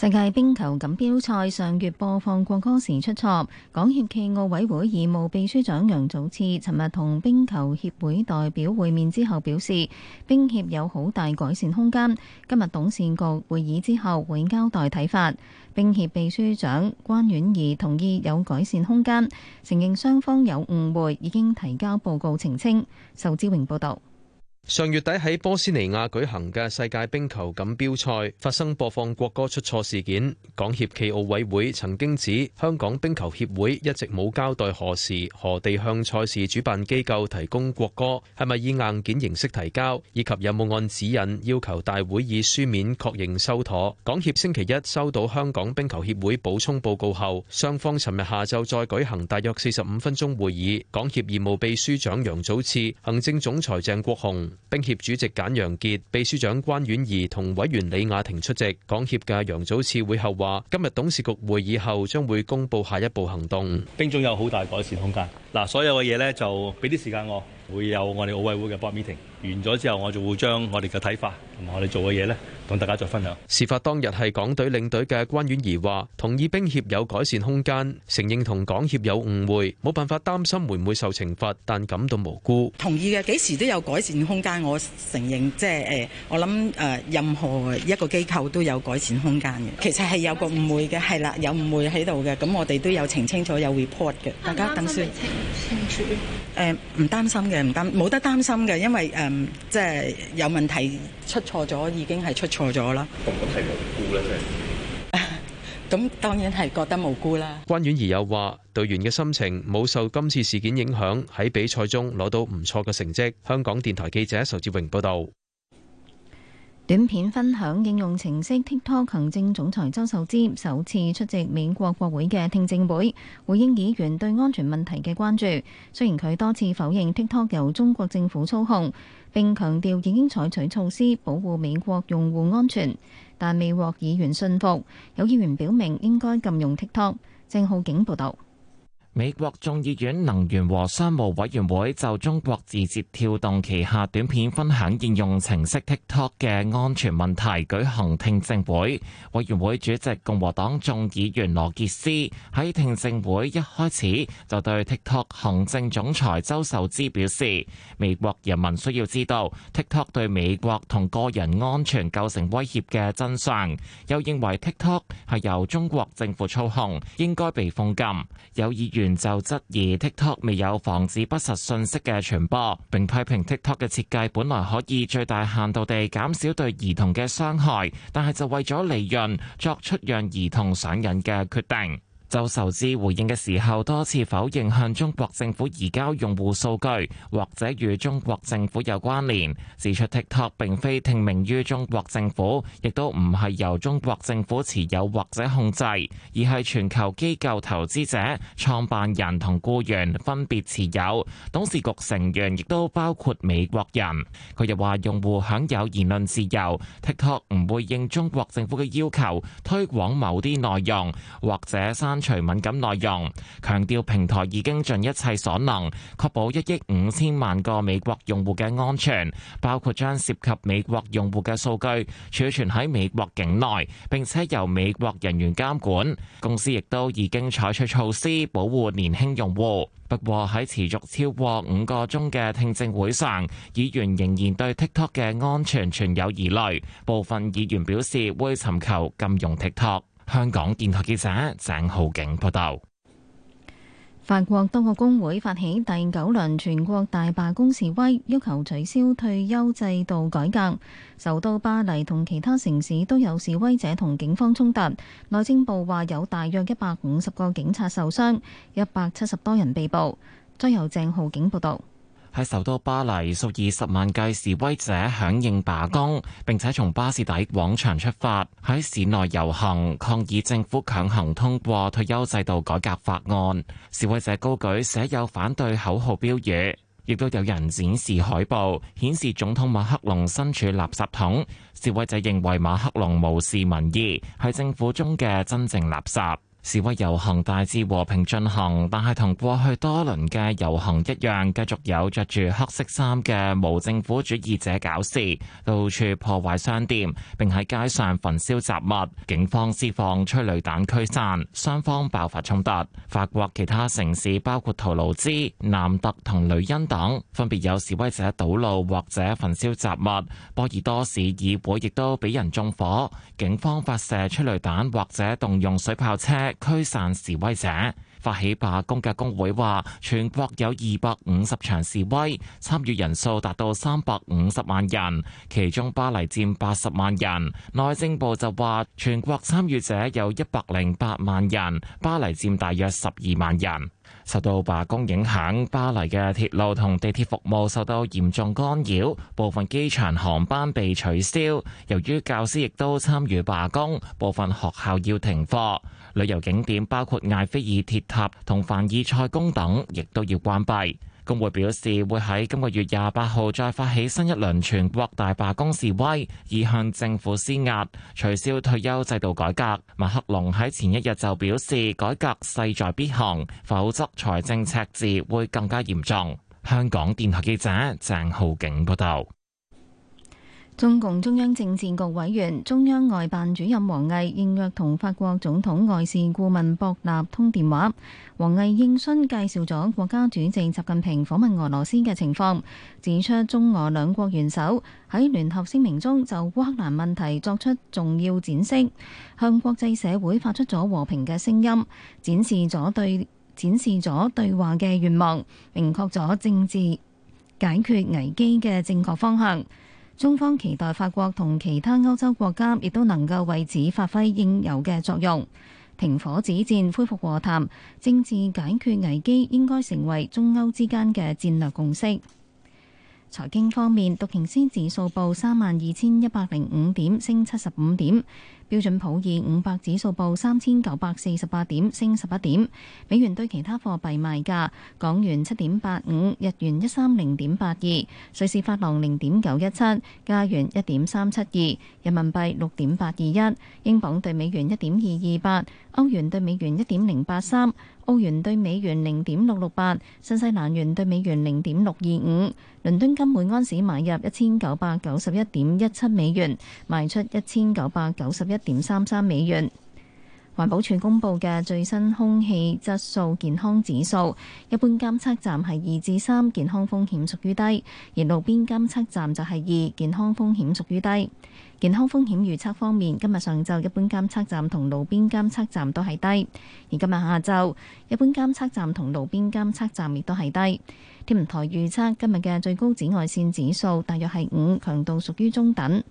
世界冰球錦標賽上月播放國歌時出錯，港協暨奧委會義務秘書長楊祖恆，尋日同冰球協會代表會面之後表示，冰協有好大改善空間，今日董事局會議之後會交代睇法。冰協秘書長關婉儀同意有改善空間，承認雙方有誤會，已經提交報告澄清。仇志榮報道。上月底喺波斯尼亞舉行嘅世界冰球錦標賽發生播放國歌出錯事件。港協暨奧委會曾經指香港冰球協會一直冇交代何時何地向賽事主辦機構提供國歌，係咪以硬件形式提交，以及有冇按指引要求大會以書面確認收妥。港協星期一收到香港冰球協會補充報告後，雙方尋日下晝再舉行大約四十五分鐘會議，港協義務秘書長楊祖賜、行政總裁鄭國雄。冰協主席簡楊傑、秘書長關婉儀同委員李雅婷出席。港協嘅楊祖次會後話：今日董事局會議後將會公布下一步行動。冰總有好大改善空間。嗱，所有嘅嘢咧就俾啲時間我。會有我哋奧委會嘅 board meeting 完咗之後，我就會將我哋嘅睇法同埋我哋做嘅嘢呢，同大家再分享。事發當日係港隊領隊嘅關婉儀話：同意兵協有改善空間，承認同港協有誤會，冇辦法擔心會唔會受懲罰，但感到無辜。同意嘅，幾時都有改善空間。我承認，即係誒，我諗誒，任何一個機構都有改善空間嘅。其實係有個誤會嘅，係啦，有誤會喺度嘅。咁我哋都有澄清咗，有 report 嘅。大家等先。澄清清楚。誒，唔擔心嘅。唔擔冇得擔心嘅，因為誒、嗯、即係有問題出錯咗，已經係出錯咗啦。咁唔係無辜咧，咁當然係覺得無辜啦。關婉儀又話：隊員嘅心情冇受今次事件影響，喺比賽中攞到唔錯嘅成績。香港電台記者仇志榮報道。短片分享應用程式 TikTok 行政總裁周受資首次出席美國國會嘅聽證會，回應議員對安全問題嘅關注。雖然佢多次否認 TikTok 由中國政府操控，並強調已經採取措施保護美國用戶安全，但未獲議員信服。有議員表明應該禁用 TikTok。鄭浩景報導。美國眾議院能源和商務委員會就中國字節跳動旗下短片分享應用程式 TikTok 嘅安全問題舉行聽證會。委員會主席共和黨眾議員羅傑斯喺聽證會一開始就對 TikTok 行政總裁周受資表示：美國人民需要知道 TikTok 對美國同個人安全構成威脅嘅真相。又認為 TikTok 係由中國政府操控，應該被封禁。有議員就質疑 TikTok 未有防止不實訊息嘅傳播，並批評 TikTok 嘅設計本來可以最大限度地減少對兒童嘅傷害，但係就為咗利潤作出讓兒童上癮嘅決定。就受質回應嘅時候，多次否認向中國政府移交用戶數據，或者與中國政府有關聯。指出 TikTok 並非聽命於中國政府，亦都唔係由中國政府持有或者控制，而係全球機構投資者、創辦人同僱員分別持有。董事局成員亦都包括美國人。佢又話用戶享有言論自由，TikTok 唔會應中國政府嘅要求推廣某啲內容，或者刪。除敏感內容，強調平台已經盡一切所能，確保一億五千萬個美國用戶嘅安全，包括將涉及美國用戶嘅數據儲存喺美國境內，並且由美國人員監管。公司亦都已經採取措施保護年輕用戶。不過，喺持續超過五個鐘嘅聽證會上，議員仍然對 TikTok 嘅安全存有疑慮，部分議員表示會尋求禁用 TikTok。香港電台記者鄭浩景報道：法國多個工會發起第九輪全國大罷工示威，要求取消退休制度改革。首都巴黎同其他城市都有示威者同警方衝突。內政部話有大約一百五十個警察受傷，一百七十多人被捕。再由鄭浩景報道。喺首都巴黎，數以十萬計示威者響應罷工，並且從巴士底廣場出發喺市內遊行，抗議政府強行通過退休制度改革法案。示威者高舉寫有反對口號標語，亦都有人展示海報，顯示總統馬克龍身處垃圾桶。示威者認為馬克龍無視民意，係政府中嘅真正垃圾。示威遊行大致和平進行，但係同過去多輪嘅遊行一樣，繼續有着住黑色衫嘅無政府主義者搞事，到處破壞商店，並喺街上焚燒雜物。警方施放催淚彈驅散，雙方爆發衝突。法國其他城市包括圖盧茲、南特同女恩等，分別有示威者堵路或者焚燒雜物。波爾多市議會亦都俾人縱火，警方發射催淚彈或者動用水炮車，驅散示威者。發起罷工嘅工會話，全國有二百五十場示威，參與人數達到三百五十萬人，其中巴黎佔八十萬人。內政部就話，全國參與者有一百零八萬人，巴黎佔大約十二萬人。受到罷工影響，巴黎嘅鐵路同地鐵服務受到嚴重干擾，部分機場航班被取消。由於教師亦都參與罷工，部分學校要停課。旅遊景點包括艾菲爾鐵塔同凡爾賽宮等，亦都要關閉。工會表示會喺今個月廿八號再發起新一輪全國大罷工示威，以向政府施壓取消退休制度改革。馬克龍喺前一日就表示，改革勢在必行，否則財政赤字會更加嚴重。香港電台記者鄭浩景報道。中共中央政治局委員、中央外辦主任王毅應約同法國總統外事顧問博納通電話，王毅應詢介紹咗國家主席習近平訪問俄羅斯嘅情況，指出中俄兩國元首喺聯合聲明中就烏克蘭問題作出重要展示，向國際社會發出咗和平嘅聲音，展示咗對展示咗對話嘅願望，明確咗政治解決危機嘅正確方向。中方期待法國同其他歐洲國家亦都能夠為此發揮應有嘅作用，停火止戰、恢復和談、政治解決危機，應該成為中歐之間嘅戰略共識。財經方面，道瓊斯指數報三萬二千一百零五點，升七十五點；標準普爾五百指數報三千九百四十八點，升十八點。美元對其他貨幣賣價：港元七點八五，日元一三零點八二，瑞士法郎零點九一七，加元一點三七二，人民幣六點八二一，英鎊對美元一點二二八，歐元對美元一點零八三，澳元對美元零點六六八，新西蘭元對美元零點六二五。倫敦金每安士買入一千九百九十一點一七美元，賣出一千九百九十一點三三美元。環保署公布嘅最新空氣質素健康指數，一般監測站係二至三，健康風險屬於低；而路邊監測站就係二，健康風險屬於低。健康風險預測方面，今日上晝一般監測站同路邊監測站都係低，而今日下晝一般監測站同路邊監測站亦都係低。天文台預測今日嘅最高紫外線指數大約係五，強度屬於中等。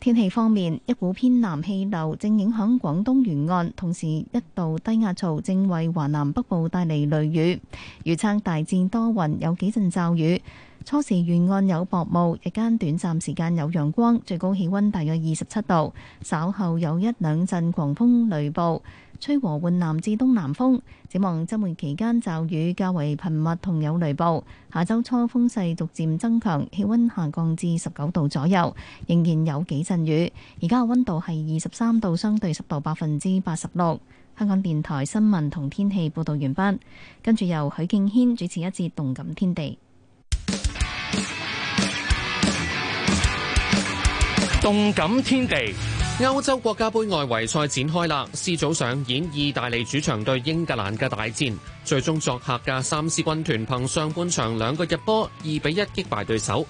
天氣方面，一股偏南氣流正影響廣東沿岸，同時一道低壓槽正為華南北部帶嚟雷雨。預測大致多雲，有幾陣驟雨。初時沿岸有薄霧，日間短暫時間有陽光，最高氣温大約二十七度。稍後有一兩陣狂風雷暴。吹和緩南至東南風，展望周末期間驟雨較為頻密同有雷暴。下周初風勢逐漸增強，氣溫下降至十九度左右，仍然有幾陣雨。而家嘅溫度係二十三度，相對濕度百分之八十六。香港電台新聞同天氣報道完畢，跟住由許敬軒主持一節動感天地。動感天地。動感天地歐洲國家杯外圍賽展開啦，C 組上演意大利主場對英格蘭嘅大戰，最終作客嘅三獅軍團憑上半場兩個入波，二比一擊敗對手。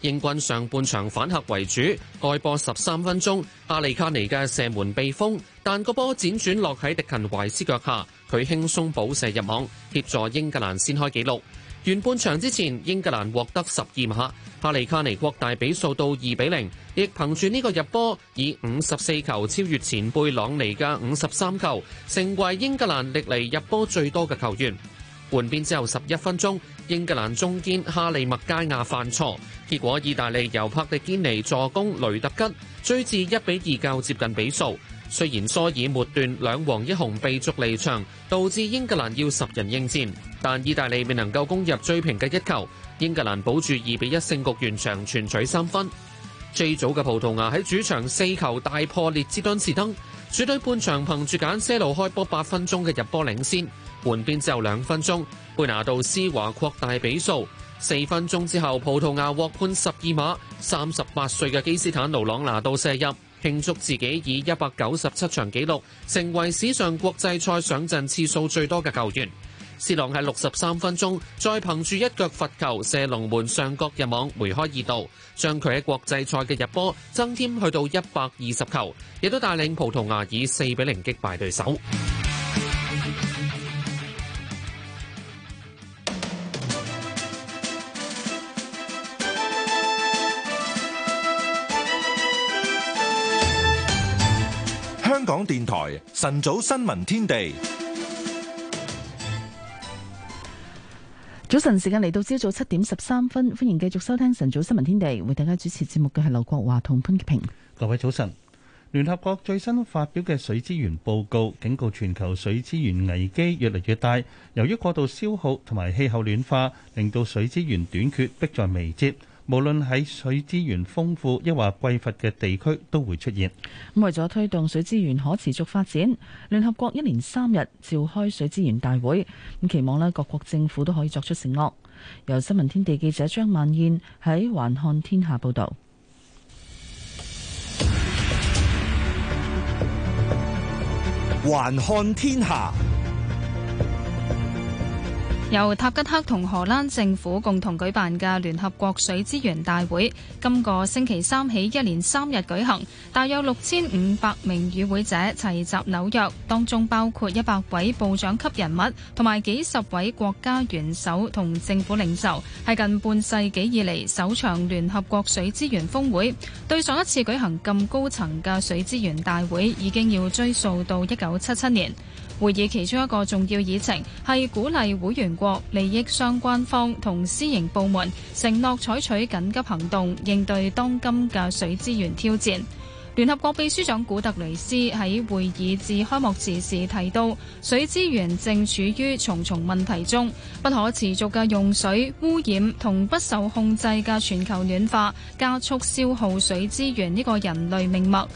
英軍上半場反客為主，開波十三分鐘，阿里卡尼嘅射門被封，但個波輾轉落喺迪勤懷斯腳下，佢輕鬆補射入網，協助英格蘭先開紀錄。完半場之前，英格蘭獲得十二碼，哈利卡尼擴大比數到二比零，亦憑住呢個入波以五十四球超越前輩朗尼嘅五十三球，成為英格蘭歷嚟入波最多嘅球員。換邊之後十一分鐘，英格蘭中堅哈利麥加亞犯錯，結果意大利由帕迪堅尼助攻雷特吉追至一比二，較接近比數。雖然疏爾末段兩黃一紅被逐離場，導致英格蘭要十人應戰，但意大利未能夠攻入追平嘅一球，英格蘭保住二比一勝局完場，全取三分。最早嘅葡萄牙喺主場四球大破列支敦士登，主隊半場憑住簡些路開波八分鐘嘅入波領先，換邊之後兩分鐘貝拿度施華擴大比數，四分鐘之後葡萄牙獲判十二碼，三十八歲嘅基斯坦奴朗拿度射入。慶祝自己以一百九十七場紀錄，成為史上國際賽上陣次數最多嘅球員。C 朗喺六十三分鐘，再憑住一腳罰球射龍門上角入網，梅開二度，將佢喺國際賽嘅入波增添去到一百二十球，亦都帶領葡萄牙以四比零擊敗對手。港電台晨早新聞天地，早晨時間嚟到朝早七點十三分，歡迎繼續收聽晨早新聞天地，為大家主持節目嘅係劉國華同潘潔平。各位早晨，聯合國最新發表嘅水資源報告警告，全球水資源危機越嚟越大，由於過度消耗同埋氣候暖化，令到水資源短缺迫在眉睫。無論喺水資源豐富抑或匱乏嘅地區，都會出現。咁為咗推動水資源可持續發展，聯合國一連三日召開水資源大會，咁期望咧各國政府都可以作出承諾。由新聞天地記者張萬燕喺環看天下報道。環看天下。報由塔吉克同荷蘭政府共同舉辦嘅聯合國水資源大會，今個星期三起一連三日舉行，大約六千五百名與會者齊集紐約，當中包括一百位部長級人物同埋幾十位國家元首同政府領袖，係近半世紀以嚟首場聯合國水資源峰會。對上一次舉行咁高層嘅水資源大會，已經要追溯到一九七七年。會議其中一個重要議程係鼓勵會員國、利益相關方同私營部門承諾採取緊急行動，應對當今嘅水資源挑戰。聯合國秘書長古特雷斯喺會議至開幕詞時提到，水資源正處於重重問題中，不可持續嘅用水污染、同不受控制嘅全球暖化加速消耗水資源呢個人類命脈。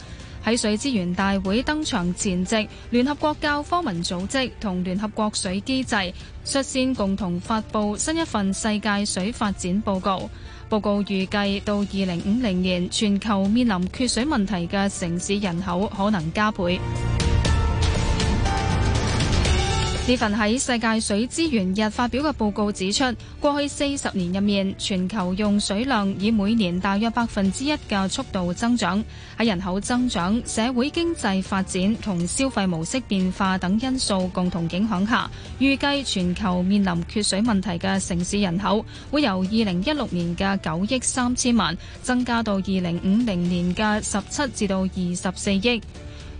喺水資源大會登場前夕，聯合國教科文組織同聯合國水機制率先共同發布新一份世界水發展報告。報告預計到二零五零年，全球面臨缺水問題嘅城市人口可能加倍。呢份喺世界水資源日發表嘅報告指出，過去四十年入面，全球用水量以每年大約百分之一嘅速度增長，喺人口增長、社會經濟發展同消費模式變化等因素共同影響下，預計全球面臨缺水問題嘅城市人口會由二零一六年嘅九億三千萬增加到二零五零年嘅十七至到二十四億。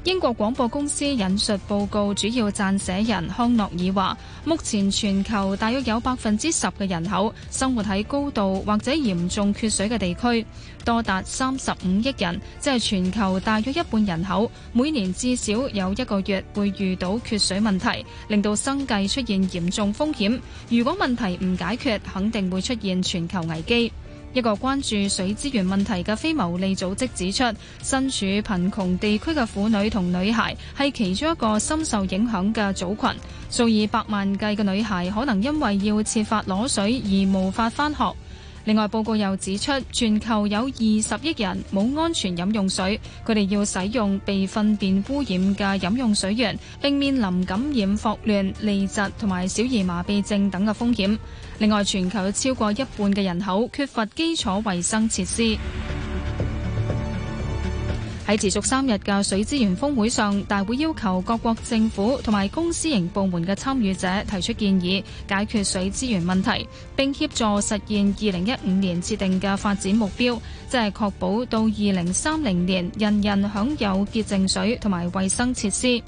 英國廣播公司引述報告主要撰寫人康諾爾話：目前全球大約有百分之十嘅人口生活喺高度或者嚴重缺水嘅地區，多達三十五億人，即係全球大約一半人口，每年至少有一個月會遇到缺水問題，令到生計出現嚴重風險。如果問題唔解決，肯定會出現全球危機。一個關注水資源問題嘅非牟利組織指出，身處貧窮地區嘅婦女同女孩係其中一個深受影響嘅組群，數以百萬計嘅女孩可能因為要設法攞水而無法返學。另外，報告又指出，全球有二十億人冇安全飲用水，佢哋要使用被糞便污染嘅飲用水源，並面臨感染霍亂、痢疾同埋小兒麻痹症等嘅風險。另外，全球超過一半嘅人口缺乏基礎衛生設施。喺持續三日嘅水資源峰會上，大會要求各國政府同埋公私營部門嘅參與者提出建議，解決水資源問題，並協助實現二零一五年設定嘅發展目標，即係確保到二零三零年人人享有潔淨水同埋衛生設施。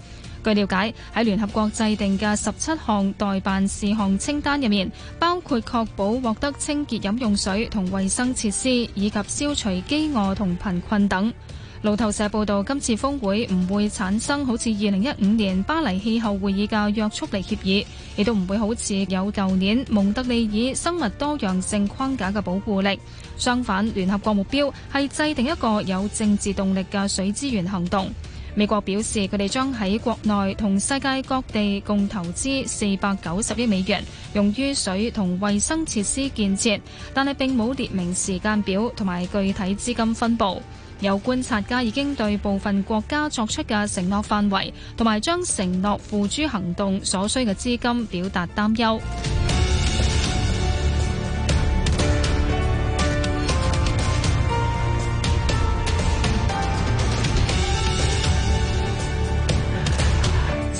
據了解，喺聯合國制定嘅十七項待辦事項清單入面，包括確保獲得清潔飲用水同衛生設施，以及消除飢餓同貧困等。路透社報道，今次峰會唔會產生好似二零一五年巴黎氣候會議嘅約束力協議，亦都唔會好似有舊年蒙特利爾生物多樣性框架嘅保護力。相反，聯合國目標係制定一個有政治動力嘅水資源行動。美國表示，佢哋將喺國內同世界各地共投資四百九十億美元，用於水同衛生設施建設，但係並冇列明時間表同埋具體資金分佈。有觀察家已經對部分國家作出嘅承諾範圍同埋將承諾付諸行動所需嘅資金表達擔憂。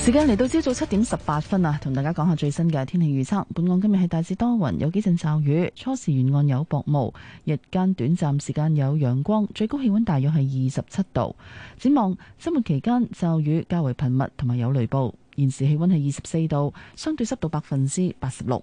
時間嚟到朝早七點十八分啊，同大家講下最新嘅天氣預測。本港今日係大致多雲，有幾陣驟雨，初時沿岸有薄霧，日間短暫時間有陽光，最高氣溫大約係二十七度。展望周末期間驟雨較為頻密，同埋有雷暴。現時氣溫係二十四度，相對濕度百分之八十六。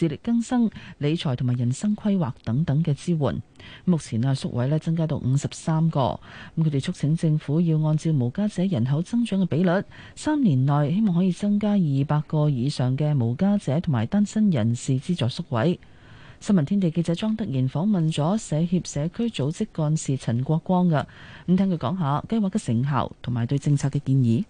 自力更生、理財同埋人生規劃等等嘅支援。目前啊，宿位呢增加到五十三個。咁佢哋促請政府要按照無家者人口增長嘅比率，三年內希望可以增加二百個以上嘅無家者同埋單身人士資助宿位。新聞天地記者莊德賢訪問咗社協社區組織幹事陳國光㗎，咁聽佢講下計劃嘅成效同埋對政策嘅建議。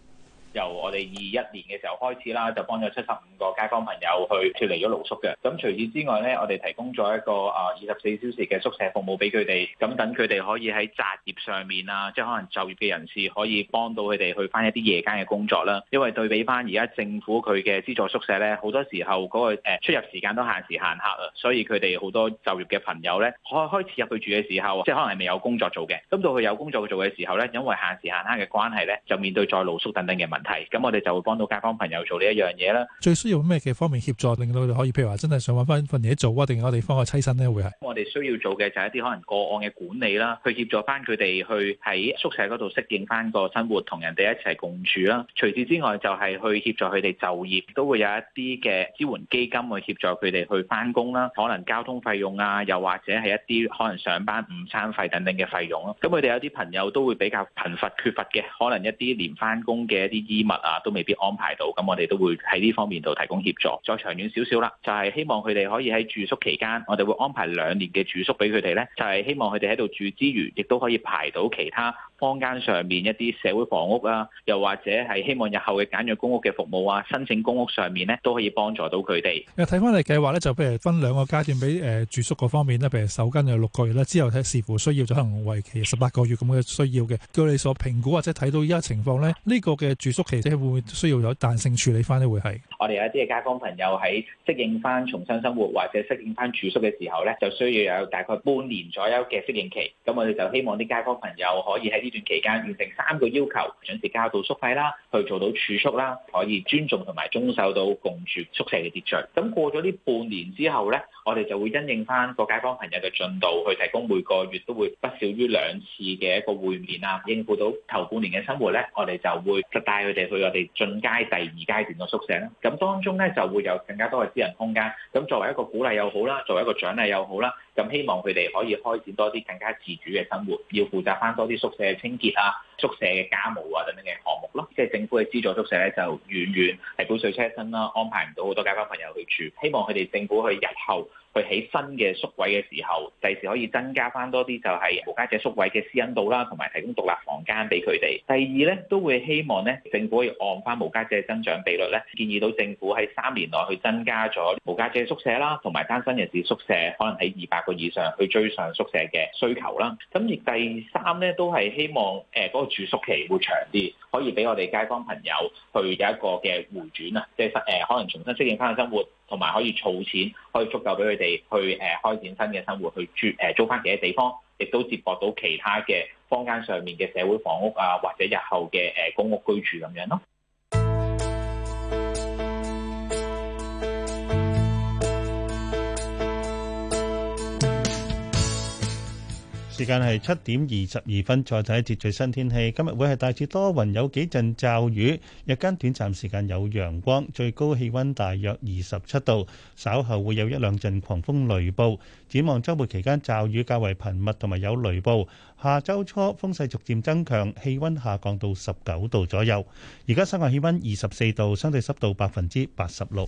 由我哋二一年嘅時候開始啦，就幫咗七十五個街坊朋友去脫離咗露宿嘅。咁除此之外咧，我哋提供咗一個啊二十四小時嘅宿舍服務俾佢哋，咁等佢哋可以喺擇業上面啊，即係可能就業嘅人士可以幫到佢哋去翻一啲夜間嘅工作啦。因為對比翻而家政府佢嘅資助宿舍咧，好多時候嗰個出入時間都限時限客啊，所以佢哋好多就業嘅朋友咧，開開始入去住嘅時候，即係可能係未有工作做嘅，咁到佢有工作做嘅時候咧，因為限時限客嘅關係咧，就面對再露宿等等嘅問。咁我哋就會幫到街坊朋友做呢一樣嘢啦。最需要咩嘅方面協助，令到佢哋可以譬如話真係想揾翻份嘢做啊，定係個地方去棲身呢？會係我哋需要做嘅就係一啲可能個案嘅管理啦，去協助翻佢哋去喺宿舍嗰度適應翻個生活，同人哋一齊共處啦。除此之外，就係去協助佢哋就業，都會有一啲嘅支援基金去協助佢哋去翻工啦。可能交通費用啊，又或者係一啲可能上班午餐費等等嘅費用咯。咁佢哋有啲朋友都會比較貧乏缺乏嘅，可能一啲連翻工嘅一啲。衣物啊，都未必安排到，咁我哋都會喺呢方面度提供協助。再長遠少少啦，就係希望佢哋可以喺住宿期間，我哋會安排兩年嘅住宿俾佢哋咧。就係希望佢哋喺度住之餘亦都可以排到其他坊間上面一啲社會房屋啊，又或者係希望日後嘅簡約公屋嘅服務啊，申請公屋上面咧都可以幫助到佢哋。誒，睇翻嚟計劃咧，就譬如分兩個階段俾誒住宿嗰方面咧，譬如首間有六個月啦，之後睇視乎需要就可能為期十八個月咁嘅需要嘅。據我哋所評估或者睇到依家情況咧，呢個嘅住宿。屋企即係會，會需要有彈性處理翻呢，會係我哋有一啲嘅街坊朋友喺適應翻重新生活或者適應翻住宿嘅時候咧，就需要有大概半年左右嘅適應期。咁我哋就希望啲街坊朋友可以喺呢段期間完成三個要求，準時交到宿費啦，去做到儲蓄啦，可以尊重同埋遵守到共住宿舍嘅秩序。咁過咗呢半年之後咧，我哋就會因應翻個街坊朋友嘅進度，去提供每個月都會不少於兩次嘅一個會面啊，應付到頭半年嘅生活咧，我哋就會帶。佢哋去我哋進階第二階段嘅宿舍啦，咁當中咧就會有更加多嘅私人空間，咁作為一個鼓勵又好啦，作為一個獎勵又好啦，咁希望佢哋可以開展多啲更加自主嘅生活，要負責翻多啲宿舍嘅清潔啊、宿舍嘅家務啊等等嘅項目咯。即係政府嘅資助宿舍咧，就遠遠係杯水車薪啦，安排唔到好多街坊朋友去住。希望佢哋政府去日後。去起新嘅宿位嘅時候，第時可以增加翻多啲就係無家者宿位嘅私隱度啦，同埋提供獨立房間俾佢哋。第二咧，都會希望咧政府可以按翻無家者增長比率咧，建議到政府喺三年內去增加咗無家者宿舍啦，同埋單身人士宿舍，可能喺二百個以上去追上宿舍嘅需求啦。咁而第三咧，都係希望誒嗰個住宿期會長啲。可以俾我哋街坊朋友去有一個嘅回轉啊，即係誒可能重新適應翻嘅生活，同埋可以儲錢，可以足夠俾佢哋去誒開展新嘅生活，去住誒租翻其他地方，亦都接駁到其他嘅坊間上面嘅社會房屋啊，或者日後嘅誒公屋居住咁樣咯。時間係七點二十二分，再睇一節最新天氣。今日會係大致多雲，有幾陣驟雨，日間短暫時間有陽光，最高氣溫大約二十七度。稍後會有一兩陣狂風雷暴。展望周末期間，驟雨較為頻密，同埋有雷暴。下周初風勢逐漸增強，氣溫下降到十九度左右。而家室外氣溫二十四度，相對濕度百分之八十六。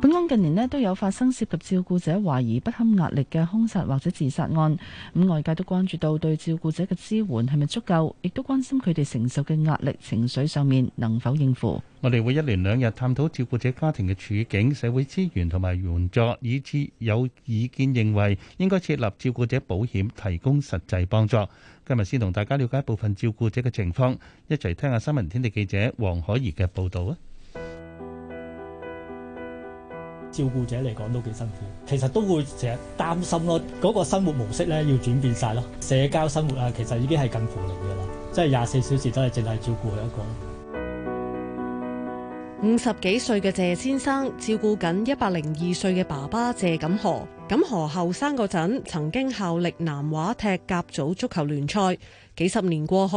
本港近年呢都有發生涉及照顧者懷疑不堪壓力嘅兇殺或者自殺案，咁外界都關注到對照顧者嘅支援係咪足夠，亦都關心佢哋承受嘅壓力情緒上面能否應付。我哋會一連兩日探討照顧者家庭嘅處境、社會資源同埋援助，以至有意見認為應該設立照顧者保險，提供實際幫助。今日先同大家了解部分照顧者嘅情況，一齊聽下新聞天地記者黃海怡嘅報導啊！照顧者嚟講都幾辛苦，其實都會成日擔心咯。嗰個生活模式咧要轉變晒咯，社交生活啊，其實已經係近乎零噶啦。即係廿四小時都係淨係照顧佢一個。五十幾歲嘅謝先生照顧緊一百零二歲嘅爸爸謝錦河。錦河後生嗰陣曾經效力南華踢甲組足球聯賽，幾十年過去，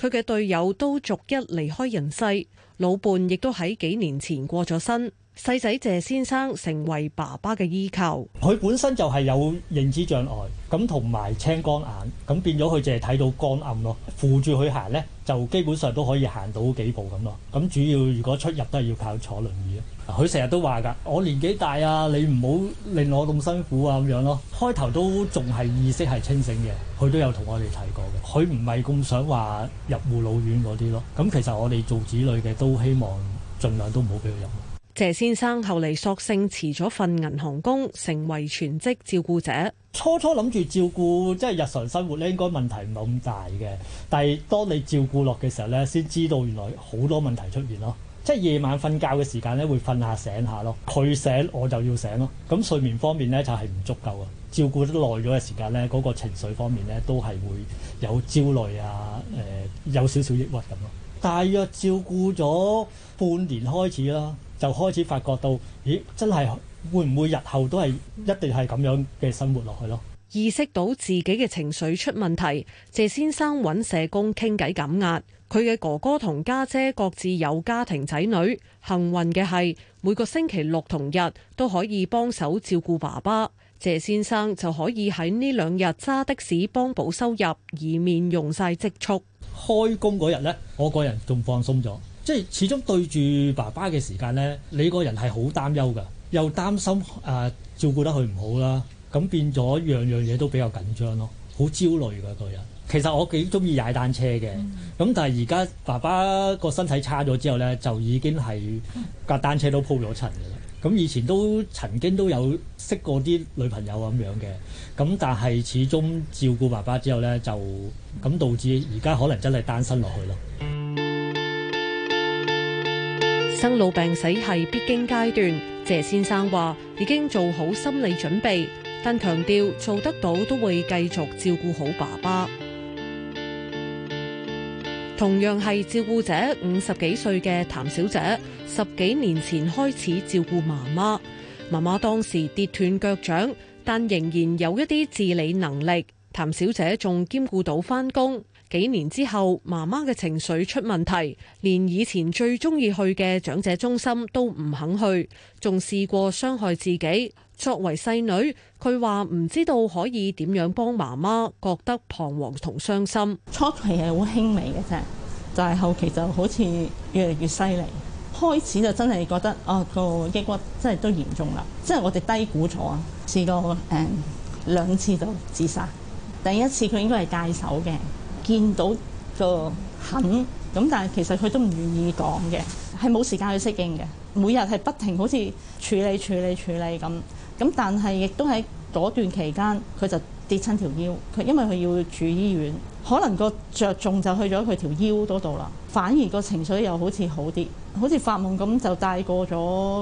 佢嘅隊友都逐一離開人世，老伴亦都喺幾年前過咗身。細仔謝先生成為爸爸嘅依靠。佢本身就係有認知障礙咁，同埋青光眼咁，變咗佢淨係睇到光暗咯。扶住佢行咧，就基本上都可以行到幾步咁咯。咁主要如果出入都係要靠坐輪椅。佢成日都話噶：我年紀大啊，你唔好令我咁辛苦啊，咁樣咯。開頭都仲係意識係清醒嘅，佢都有同我哋提過嘅。佢唔係咁想話入護老院嗰啲咯。咁其實我哋做子女嘅都希望盡量都唔好俾佢入。謝先生後嚟索性辭咗份銀行工，成為全職照顧者。初初諗住照顧，即係日常生活咧，應該問題唔係咁大嘅。但係當你照顧落嘅時候咧，先知道原來好多問題出現咯。即係夜晚瞓覺嘅時間咧，會瞓下醒下咯。佢醒我就要醒咯。咁睡眠方面咧就係唔足夠啊。照顧得耐咗嘅時間咧，嗰個情緒方面咧都係會有焦慮啊。誒、呃，有少少抑鬱咁咯。大約照顧咗半年開始啦。就開始發覺到，咦，真係會唔會日後都係一定係咁樣嘅生活落去咯？意識到自己嘅情緒出問題，謝先生揾社工傾偈減壓。佢嘅哥哥同家姐各自有家庭仔女，幸運嘅係每個星期六同日都可以幫手照顧爸爸。謝先生就可以喺呢兩日揸的士幫補收入，以免用晒積蓄。開工嗰日呢，我個人仲放鬆咗。即係始終對住爸爸嘅時間呢，你個人係好擔憂㗎，又擔心誒、呃、照顧得佢唔好啦，咁變咗樣樣嘢都比較緊張咯，好焦慮㗎個人。其實我幾中意踩單車嘅，咁、嗯、但係而家爸爸個身體差咗之後呢，就已經係架單車都鋪咗塵㗎啦。咁以前都曾經都有識過啲女朋友咁樣嘅，咁但係始終照顧爸爸之後呢，就咁導致而家可能真係單身落去咯。嗯。生老病死係必經階段，謝先生話已經做好心理準備，但強調做得到都會繼續照顧好爸爸。同樣係照顧者，五十幾歲嘅譚小姐，十幾年前開始照顧媽媽。媽媽當時跌斷腳掌，但仍然有一啲自理能力。譚小姐仲兼顧到返工。幾年之後，媽媽嘅情緒出問題，連以前最中意去嘅長者中心都唔肯去，仲試過傷害自己。作為細女，佢話唔知道可以點樣幫媽媽，覺得彷徨同傷心。初期係好輕微嘅啫，但係後期就好似越嚟越犀利。開始就真係覺得啊個抑鬱真係都嚴重啦，即係我哋低估咗。試過誒、嗯、兩次都自殺，第一次佢應該係戒手嘅。見到個狠咁，但係其實佢都唔願意講嘅，係冇時間去適應嘅。每日係不停好似處理、處理、處理咁。咁但係亦都喺嗰段期間，佢就跌親條腰。佢因為佢要住醫院，可能個着重就去咗佢條腰嗰度啦。反而個情緒又好似好啲，好似發夢咁就帶過咗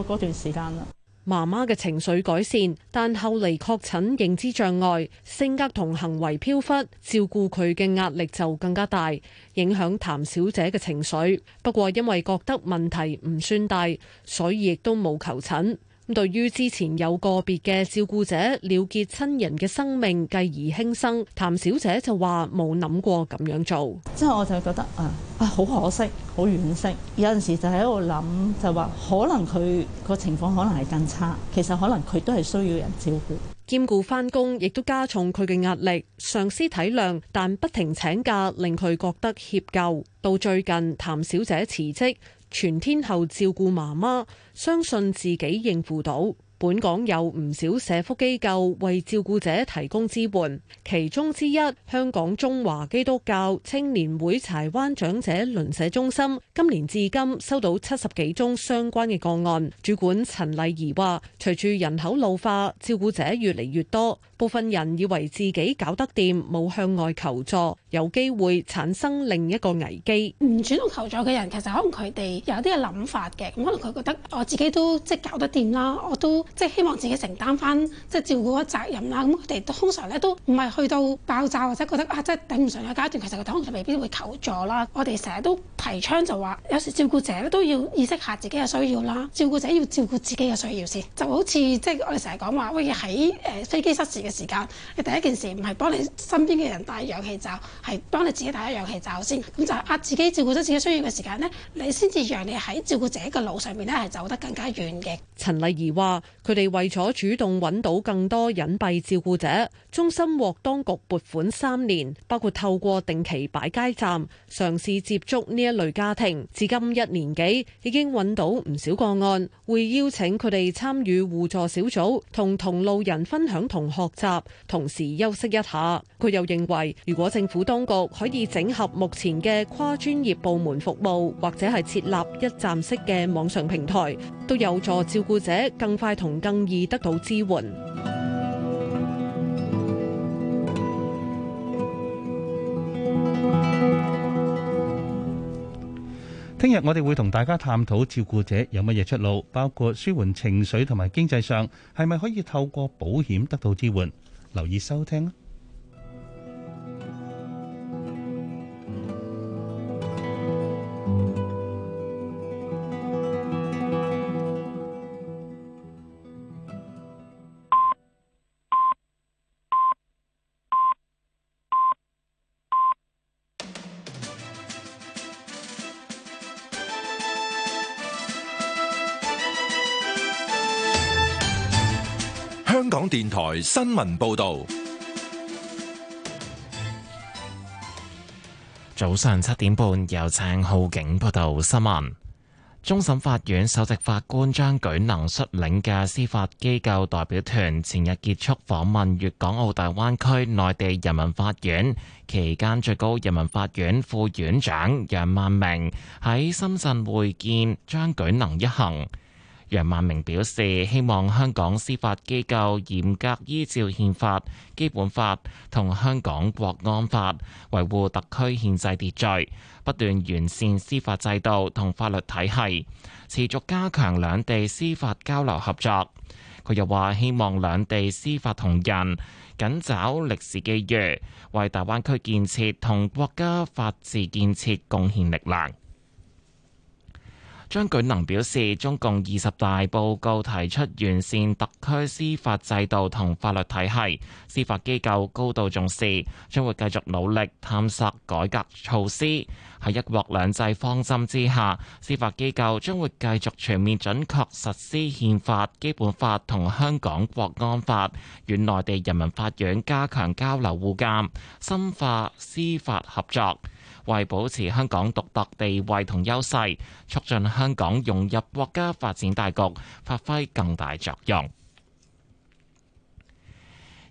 嗰段時間啦。媽媽嘅情緒改善，但後嚟確診認知障礙，性格同行為飄忽，照顧佢嘅壓力就更加大，影響譚小姐嘅情緒。不過因為覺得問題唔算大，所以亦都冇求診。對於之前有個別嘅照顧者了結親人嘅生命繼而輕生，譚小姐就話冇諗過咁樣做，之後我就覺得啊啊好可惜，好惋惜。有陣時就喺度諗，就話可能佢個情況可能係更差，其實可能佢都係需要人照顧。兼顧翻工亦都加重佢嘅壓力，上司體諒，但不停請假令佢覺得歉疚。到最近，譚小姐辭職。全天候照顧媽媽，相信自己應付到。本港有唔少社福機構為照顧者提供支援，其中之一香港中華基督教青年會柴灣長者鄰舍中心，今年至今收到七十幾宗相關嘅個案。主管陳麗儀話：隨住人口老化，照顧者越嚟越多。部分人以為自己搞得掂，冇向外求助，有機會產生另一個危機。唔主動求助嘅人，其實可能佢哋有啲嘅諗法嘅。咁可能佢覺得我自己都即係搞得掂啦，我都即係希望自己承擔翻即係照顧嘅責任啦。咁佢哋通常咧都唔係去到爆炸或者覺得啊，即係頂唔順嘅階段，其實佢哋可能未必會求助啦。我哋成日都提倡就話，有時照顧者都要意識下自己嘅需要啦。照顧者要照顧自己嘅需要先，就好似即係我哋成日講話，喂，喺誒飛機失事嘅時間，你第一件事唔係幫你身邊嘅人戴氧氣罩，係幫你自己戴氧氣罩先。咁就係壓自己照顧咗自己需要嘅時間，呢你先至讓你喺照顧者嘅路上面咧係走得更加遠嘅。陳麗儀話：佢哋為咗主動揾到更多隱蔽照顧者。中心獲當局撥款三年，包括透過定期擺街站，嘗試接觸呢一類家庭。至今一年幾，已經揾到唔少個案，會邀請佢哋參與互助小組，同同路人分享同學習，同時休息一下。佢又認為，如果政府當局可以整合目前嘅跨專業部門服務，或者係設立一站式嘅網上平台，都有助照顧者更快同更易得到支援。聽日我哋會同大家探討照顧者有乜嘢出路，包括舒緩情緒同埋經濟上，係咪可以透過保險得到支援？留意收聽。電台新聞報道，早上七點半，由鄭浩景報道新聞。終審法院首席法官張舉能率領嘅司法機構代表團前日結束訪問粵港澳大灣區內地人民法院期間，最高人民法院副院長楊萬明喺深圳會見張舉能一行。楊萬明表示，希望香港司法機構嚴格依照憲法、基本法同香港國安法，維護特區憲制秩序，不斷完善司法制度同法律體系，持續加強兩地司法交流合作。佢又話，希望兩地司法同仁緊抓歷史機遇，為大灣區建設同國家法治建設貢獻力量。張舉能表示，中共二十大報告提出完善特區司法制度同法律體系，司法機構高度重視，將會繼續努力探索改革措施。喺一國兩制方針之下，司法機構將會繼續全面準確實施憲法、基本法同香港國安法，與內地人民法院加強交流互鑑，深化司法合作。為保持香港獨特地位同優勢，促進香港融入國家發展大局，發揮更大作用。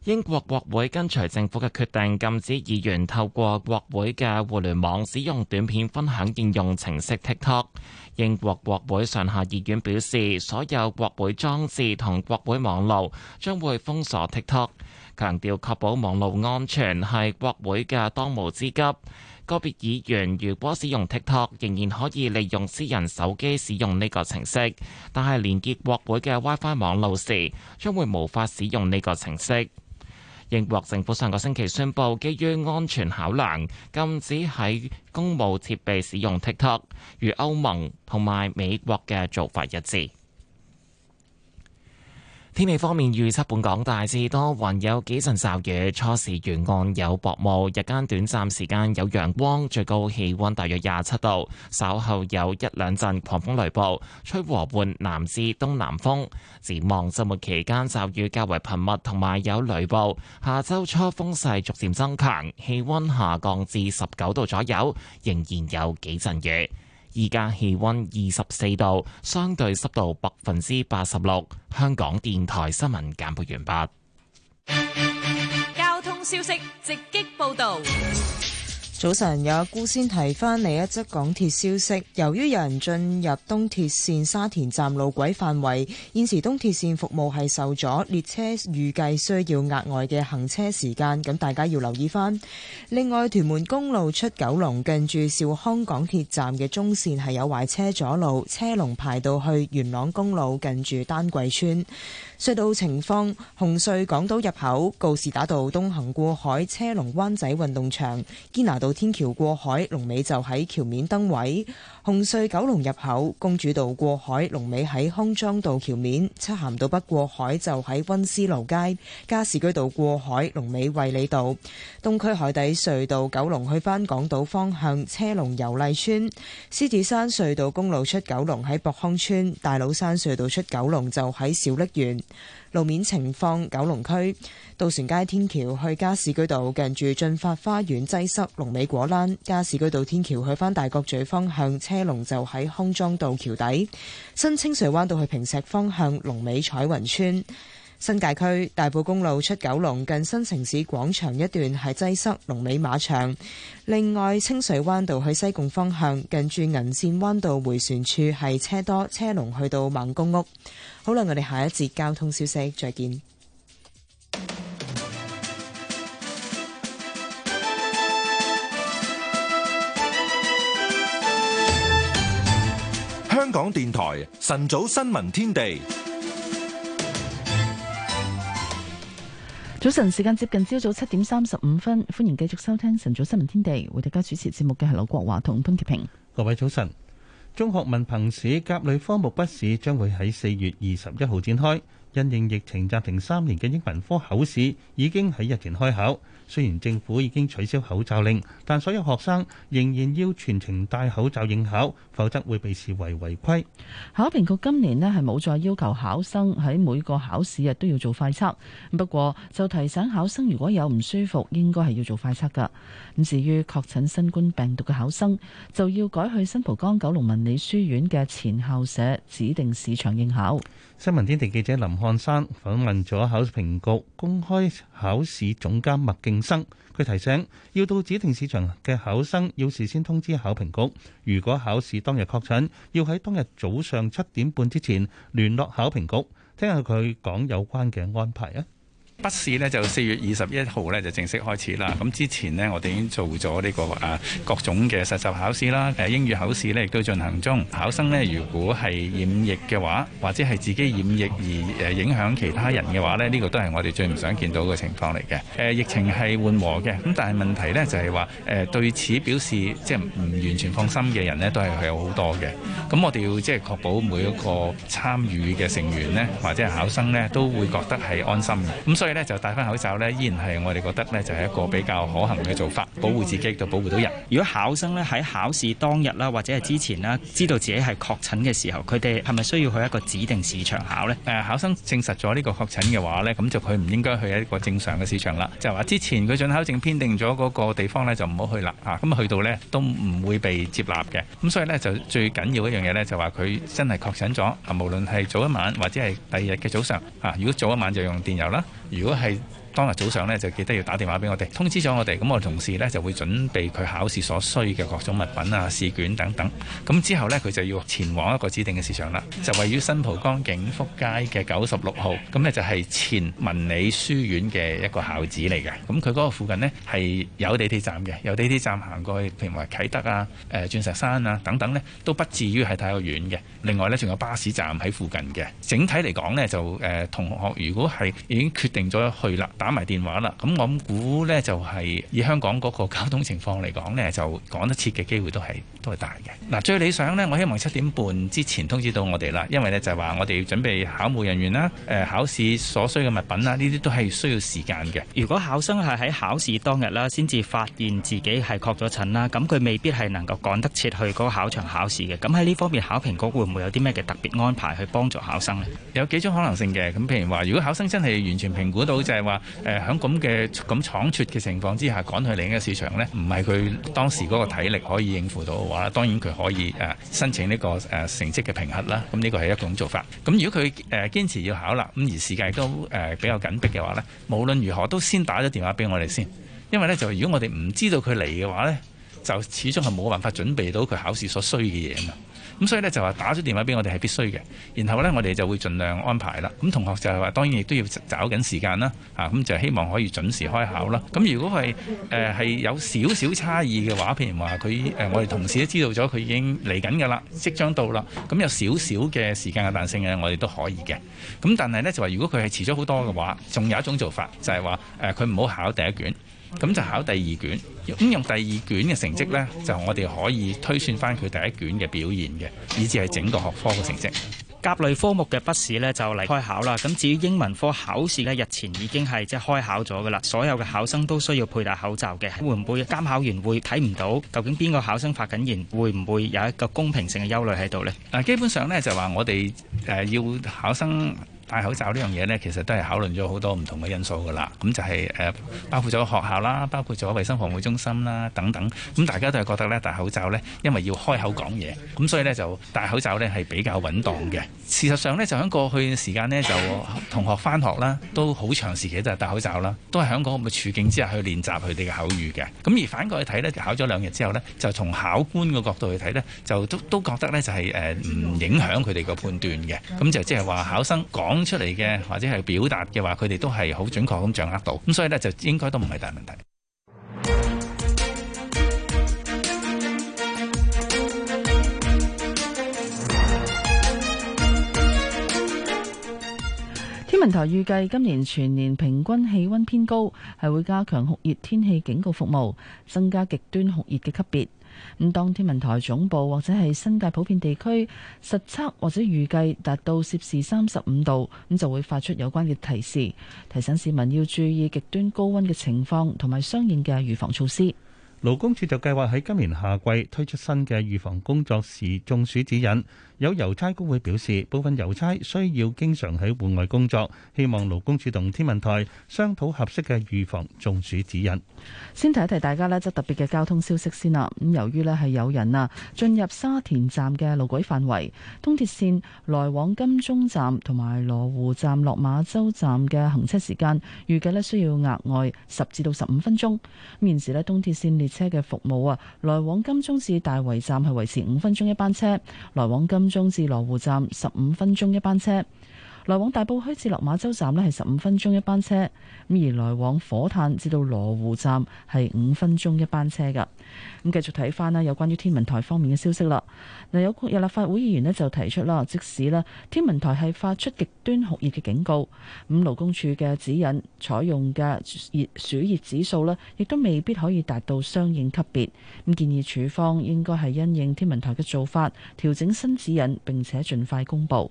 英國國會跟隨政府嘅決定，禁止議員透過國會嘅互聯網使用短片分享應用程式 TikTok。英國國會上下議院表示，所有國會裝置同國會網路將會封鎖 TikTok，強調確保網路安全係國會嘅當務之急。個別議員如果使用 TikTok，仍然可以利用私人手機使用呢個程式，但係連結國會嘅 WiFi 網路時，將會無法使用呢個程式。英國政府上個星期宣佈，基於安全考量，禁止喺公務設備使用 TikTok，與歐盟同埋美國嘅做法一致。天氣方面預測，預測本港大致多雲，有幾陣驟雨，初時沿岸有薄霧，日間短暫時間有陽光，最高氣溫大約廿七度。稍後有一兩陣狂風雷暴，吹和緩南至東南風。展望周末期間，驟雨較為頻密，同埋有雷暴。下周初風勢逐漸增強，氣溫下降至十九度左右，仍然有幾陣雨。而家氣溫二十四度，相對濕度百分之八十六。香港電台新聞簡報完畢。交通消息直擊報道。早晨，有阿姑先提返另一則港鐵消息。由於有人進入東鐵線沙田站路軌範圍，現時東鐵線服務係受阻，列車預計需要額外嘅行車時間。咁大家要留意翻。另外，屯門公路出九龍，近住兆康港鐵站嘅中線係有壞車阻路，車龍排到去元朗公路，近住丹桂村。隧道情況：紅隧港島入口，告士打道東行過海車龍、灣仔運動場堅拿道天橋過海，龍尾就喺橋面燈位。紅隧九龍入口，公主道過海，龍尾喺康莊道橋面，漆咸道北過海就喺溫思勞街，加士居道過海，龍尾衛理道，東區海底隧道九龍去返港島方向，車龍油麗邨，獅子山隧道公路出九龍喺博康邨，大老山隧道出九龍就喺小瀝源。路面情況：九龍區渡船街天橋去加士居道，近住駿發花園擠塞龍；龍尾果欄加士居道天橋去返大角咀方向，車龍就喺康莊道橋底；新清水灣道去坪石方向龍尾彩雲村。新界區大埔公路出九龍近新城市廣場一段係擠塞，龍尾馬場。另外，清水灣道去西貢方向近住銀線灣道回旋處係車多車龍，去到孟公屋。好啦，我哋下一節交通消息再見。香港電台晨早新聞天地。早晨，時間接近朝早七點三十五分，歡迎繼續收聽晨早新聞天地。為大家主持節目嘅係劉國華同潘潔平。各位早晨，中學文憑試甲類科目筆試將會喺四月二十一號展開。因應疫情暫停三年嘅英文科口試已經喺日前開考，雖然政府已經取消口罩令，但所有學生仍然要全程戴口罩應考，否則會被視為違規。考評局今年咧係冇再要求考生喺每個考試日都要做快測，不過就提醒考生如果有唔舒服，應該係要做快測噶。咁至於確診新冠病毒嘅考生，就要改去新蒲崗九龍文理書院嘅前校舍指定市場應考。新聞天地記者林漢山訪問咗考評局公開考試總監麥敬生，佢提醒要到指定市場嘅考生，要事先通知考評局，如果考試當日確診，要喺當日早上七點半之前聯絡考評局，聽下佢講有關嘅安排啊。筆試呢就四月二十一號呢就正式開始啦。咁之前呢我哋已經做咗呢個啊各種嘅實習考試啦。誒英語考試呢亦都進行中。考生呢如果係染疫嘅話，或者係自己染疫而誒影響其他人嘅話呢，呢個都係我哋最唔想見到嘅情況嚟嘅。誒疫情係緩和嘅，咁但係問題呢就係話誒對此表示即係唔完全放心嘅人呢都係有好多嘅。咁我哋要即係確保每一個參與嘅成員呢或者係考生呢都會覺得係安心嘅。咁所以就戴翻口罩呢，依然係我哋覺得呢，就係一個比較可行嘅做法，保護自己亦都保護到人。如果考生呢，喺考試當日啦，或者係之前啦，知道自己係確診嘅時候，佢哋係咪需要去一個指定市場考呢？誒，考生證實咗呢個確診嘅話呢，咁就佢唔應該去一個正常嘅市場啦。就話之前佢准考證編定咗嗰個地方呢，就唔好去啦嚇。咁啊去到呢，都唔會被接納嘅。咁所以呢，就最緊要一樣嘢呢，就話佢真係確診咗啊，無論係早一晚或者係第二日嘅早上嚇、啊。如果早一晚就用電郵啦。如果係。當日早上咧就記得要打電話俾我哋通知咗我哋，咁我同事呢，就會準備佢考試所需嘅各種物品啊、試卷等等。咁之後呢，佢就要前往一個指定嘅市場啦，就位於新蒲崗景福街嘅九十六號，咁呢，就係前文理書院嘅一個校址嚟嘅。咁佢嗰個附近呢，係有地鐵站嘅，有地鐵站行過去，譬如話啟德啊、誒、呃、鑽石山啊等等呢，都不至於係太遠嘅。另外呢，仲有巴士站喺附近嘅，整體嚟講呢，就誒、呃、同學如果係已經決定咗去啦。打埋電話啦，咁我估呢，就係以香港嗰個交通情況嚟講呢就趕得切嘅機會都係都係大嘅。嗱，最理想呢，我希望七點半之前通知到我哋啦，因為呢就係話我哋要準備考務人員啦、誒考試所需嘅物品啦，呢啲都係需要時間嘅。如果考生係喺考試當日啦，先至發現自己係確咗診啦，咁佢未必係能夠趕得切去嗰個考場考試嘅。咁喺呢方面，考評局會唔會有啲咩嘅特別安排去幫助考生呢？有幾種可能性嘅，咁譬如話，如果考生真係完全評估到就係話。誒喺咁嘅，咁倉促嘅情況之下趕去另一個市場呢，唔係佢當時嗰個體力可以應付到嘅話，當然佢可以誒、呃、申請呢、這個誒、呃、成績嘅評核啦。咁呢個係一種做法。咁如果佢誒、呃、堅持要考啦，咁而時間都誒、呃、比較緊迫嘅話呢，無論如何都先打咗電話俾我哋先，因為呢就如果我哋唔知道佢嚟嘅話呢就始終係冇辦法準備到佢考試所需嘅嘢啊。咁所以咧就話打咗電話俾我哋係必須嘅，然後咧我哋就會盡量安排啦。咁、嗯、同學就係話，當然亦都要找緊時間啦。吓、啊、咁、啊、就希望可以準時開考啦。咁、啊、如果係誒係有少少差異嘅話，譬如話佢誒我哋同事都知道咗佢已經嚟緊噶啦，即將到啦，咁、啊、有少少嘅時間嘅彈性嘅，我哋都可以嘅。咁、啊、但係呢，就話，如果佢係遲咗好多嘅話，仲有一種做法就係話誒佢唔好考第一卷。咁就考第二卷，咁用第二卷嘅成績呢，就我哋可以推算翻佢第一卷嘅表現嘅，以至係整個學科嘅成績。甲類科目嘅筆試呢，就嚟開考啦。咁至於英文科考試呢，日前已經係即係開考咗噶啦。所有嘅考生都需要佩戴口罩嘅，會唔會監考員會睇唔到究竟邊個考生發緊言，會唔會有一個公平性嘅憂慮喺度呢？嗱，基本上呢，就話我哋誒、呃、要考生。戴口罩呢樣嘢呢，其實都係考慮咗好多唔同嘅因素㗎啦。咁就係、是、誒、呃，包括咗學校啦，包括咗衞生防護中心啦等等。咁、嗯、大家都係覺得呢，戴口罩呢，因為要開口講嘢，咁所以呢，就戴口罩呢係比較穩當嘅。事實上呢，就喺過去嘅時間咧，就同學翻學啦，都好長時期都係戴口罩啦，都係喺嗰個處境之下去練習佢哋嘅口語嘅。咁、嗯、而反過去睇咧，考咗兩日之後呢，就從考官嘅角度去睇呢，就都都覺得呢，就係誒唔影響佢哋個判斷嘅。咁就即係話考生講。出嚟嘅或者係表達嘅話，佢哋都係好準確咁掌握到，咁所以咧就應該都唔係大問題。天文台預計今年全年平均氣溫偏高，係會加強酷熱天氣警告服務，增加極端酷熱嘅級別。咁當天文台總部或者係新界普遍地區實測或者預計達到攝氏三十五度，咁就會發出有關嘅提示，提醒市民要注意極端高温嘅情況同埋相應嘅預防措施。勞工處就計劃喺今年夏季推出新嘅預防工作時中暑指引。有郵差工會表示，部分郵差需要經常喺戶外工作，希望勞工處同天文台商討合適嘅預防中暑指引。先提一提大家，呢則特別嘅交通消息先啦。咁由於呢係有人啊進入沙田站嘅路軌範圍，東鐵線來往金鐘站同埋羅湖站落馬洲站嘅行車時間預計呢需要額外十至到十五分鐘。咁現時呢，東鐵線列車嘅服務啊，來往金鐘至大圍站係維持五分鐘一班車，來往金中至羅湖站，十五分鐘一班車。來往大埔墟至落馬洲站咧，係十五分鐘一班車；咁而來往火炭至到羅湖站係五分鐘一班車㗎。咁繼續睇翻咧，有關於天文台方面嘅消息啦。嗱，有立法會議員咧就提出啦，即使咧天文台係發出極端酷熱嘅警告，咁勞工處嘅指引採用嘅熱暑熱指數咧，亦都未必可以達到相應級別。咁建議處方應該係因應天文台嘅做法，調整新指引並且盡快公佈。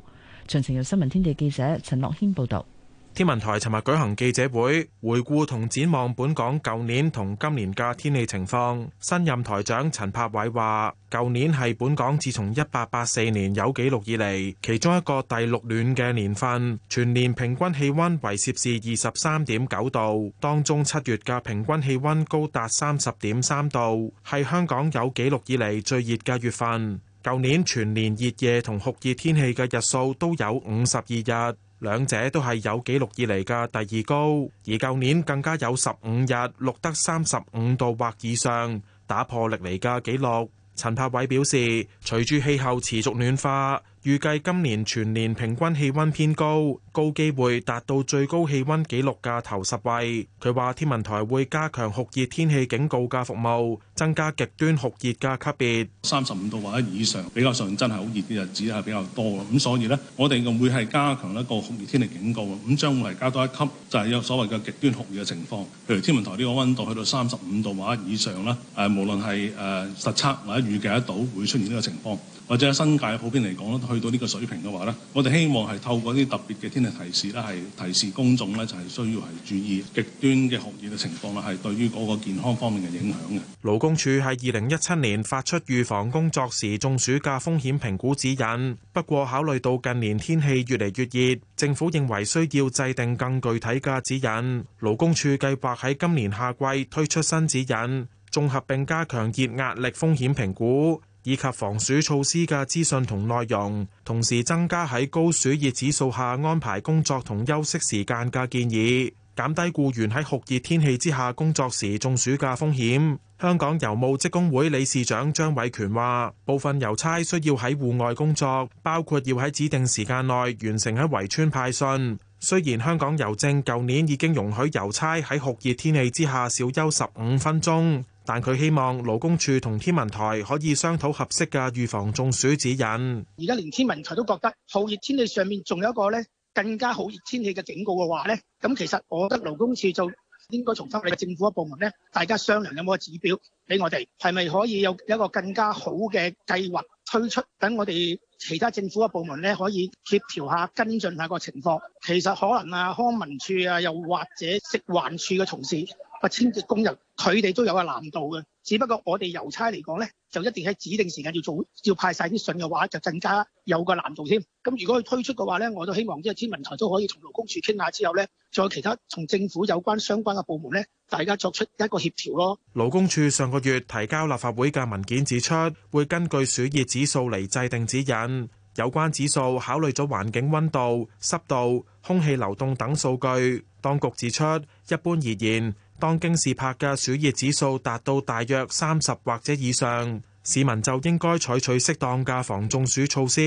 詳情由新聞天地記者陳樂軒報道。天文台尋日舉行記者會，回顧同展望本港舊年同今年嘅天氣情況。新任台長陳柏偉話，舊年係本港自從一八八四年有記錄以嚟，其中一個第六暖嘅年份，全年平均氣溫為攝氏二十三點九度，當中七月嘅平均氣溫高達三十點三度，係香港有記錄以嚟最熱嘅月份。舊年全年熱夜同酷熱天氣嘅日數都有五十二日，兩者都係有紀錄以嚟嘅第二高。而舊年更加有十五日錄得三十五度或以上，打破歷嚟嘅紀錄。陳柏偉表示，隨住氣候持續暖化。預計今年全年平均氣温偏高，高機會達到最高氣温紀錄嘅頭十位。佢話天文台會加強酷熱天氣警告嘅服務，增加極端酷熱嘅級別。三十五度或者以上比較上真係好熱嘅日子係比較多。咁所以呢，我哋會係加強一個酷熱天氣警告。咁將會係加多一級，就係、是、有所謂嘅極端酷熱嘅情況。譬如天文台呢個温度去到三十五度或者以上啦，誒無論係誒、呃、實測或者預計得到會出現呢個情況。或者新界普遍嚟講，去到呢個水平嘅話，咧，我哋希望係透過啲特別嘅天氣提示咧，係提示公眾，咧，就係需要係注意極端嘅酷熱嘅情況，啦，係對於嗰個健康方面嘅影響嘅。勞工處喺二零一七年發出預防工作時中暑嘅風險評估指引，不過考慮到近年天氣越嚟越熱，政府認為需要制定更具體嘅指引。勞工處計劃喺今年夏季推出新指引，綜合並加強熱壓力風險評估，以及防暑措施嘅資訊同內容，同時增加喺高暑熱指數下安排工作同休息時間嘅建議，減低僱員喺酷熱天氣之下工作時中暑嘅風險。香港郵務職工會理事長張偉權話，部分郵差需要喺戶外工作，包括要喺指定時間內完成喺圍村派信。雖然香港郵政舊年已經容許郵差喺酷熱天氣之下小休十五分鐘。但佢希望勞工處同天文台可以商討合適嘅預防中暑指引。而家連天文台都覺得酷熱天氣上面仲有一個咧更加好熱天氣嘅警告嘅話咧，咁其實我覺得勞工處就應該重新，你嘅政府嘅部門咧，大家商量有冇個指標俾我哋，係咪可以有有一個更加好嘅計劃推出，等我哋其他政府嘅部門咧可以協調下跟進下個情況。其實可能啊康文署啊又或者食環署嘅同事。我清潔工人，佢哋都有個難度嘅。只不過我哋郵差嚟講呢，就一定喺指定時間要做，要派晒啲信嘅話，就更加有個難度添。咁如果佢推出嘅話呢，我都希望即係天文台都可以同勞工處傾下之後呢，再其他同政府有關相關嘅部門呢，大家作出一個協調咯。勞工處上個月提交立法會嘅文件指出，會根據暑熱指數嚟制定指引。有關指數考慮咗環境溫度、濕度、空氣流動等數據。當局指出，一般而言，當京士柏嘅暑熱指數達到大約三十或者以上，市民就應該採取適當嘅防中暑措施。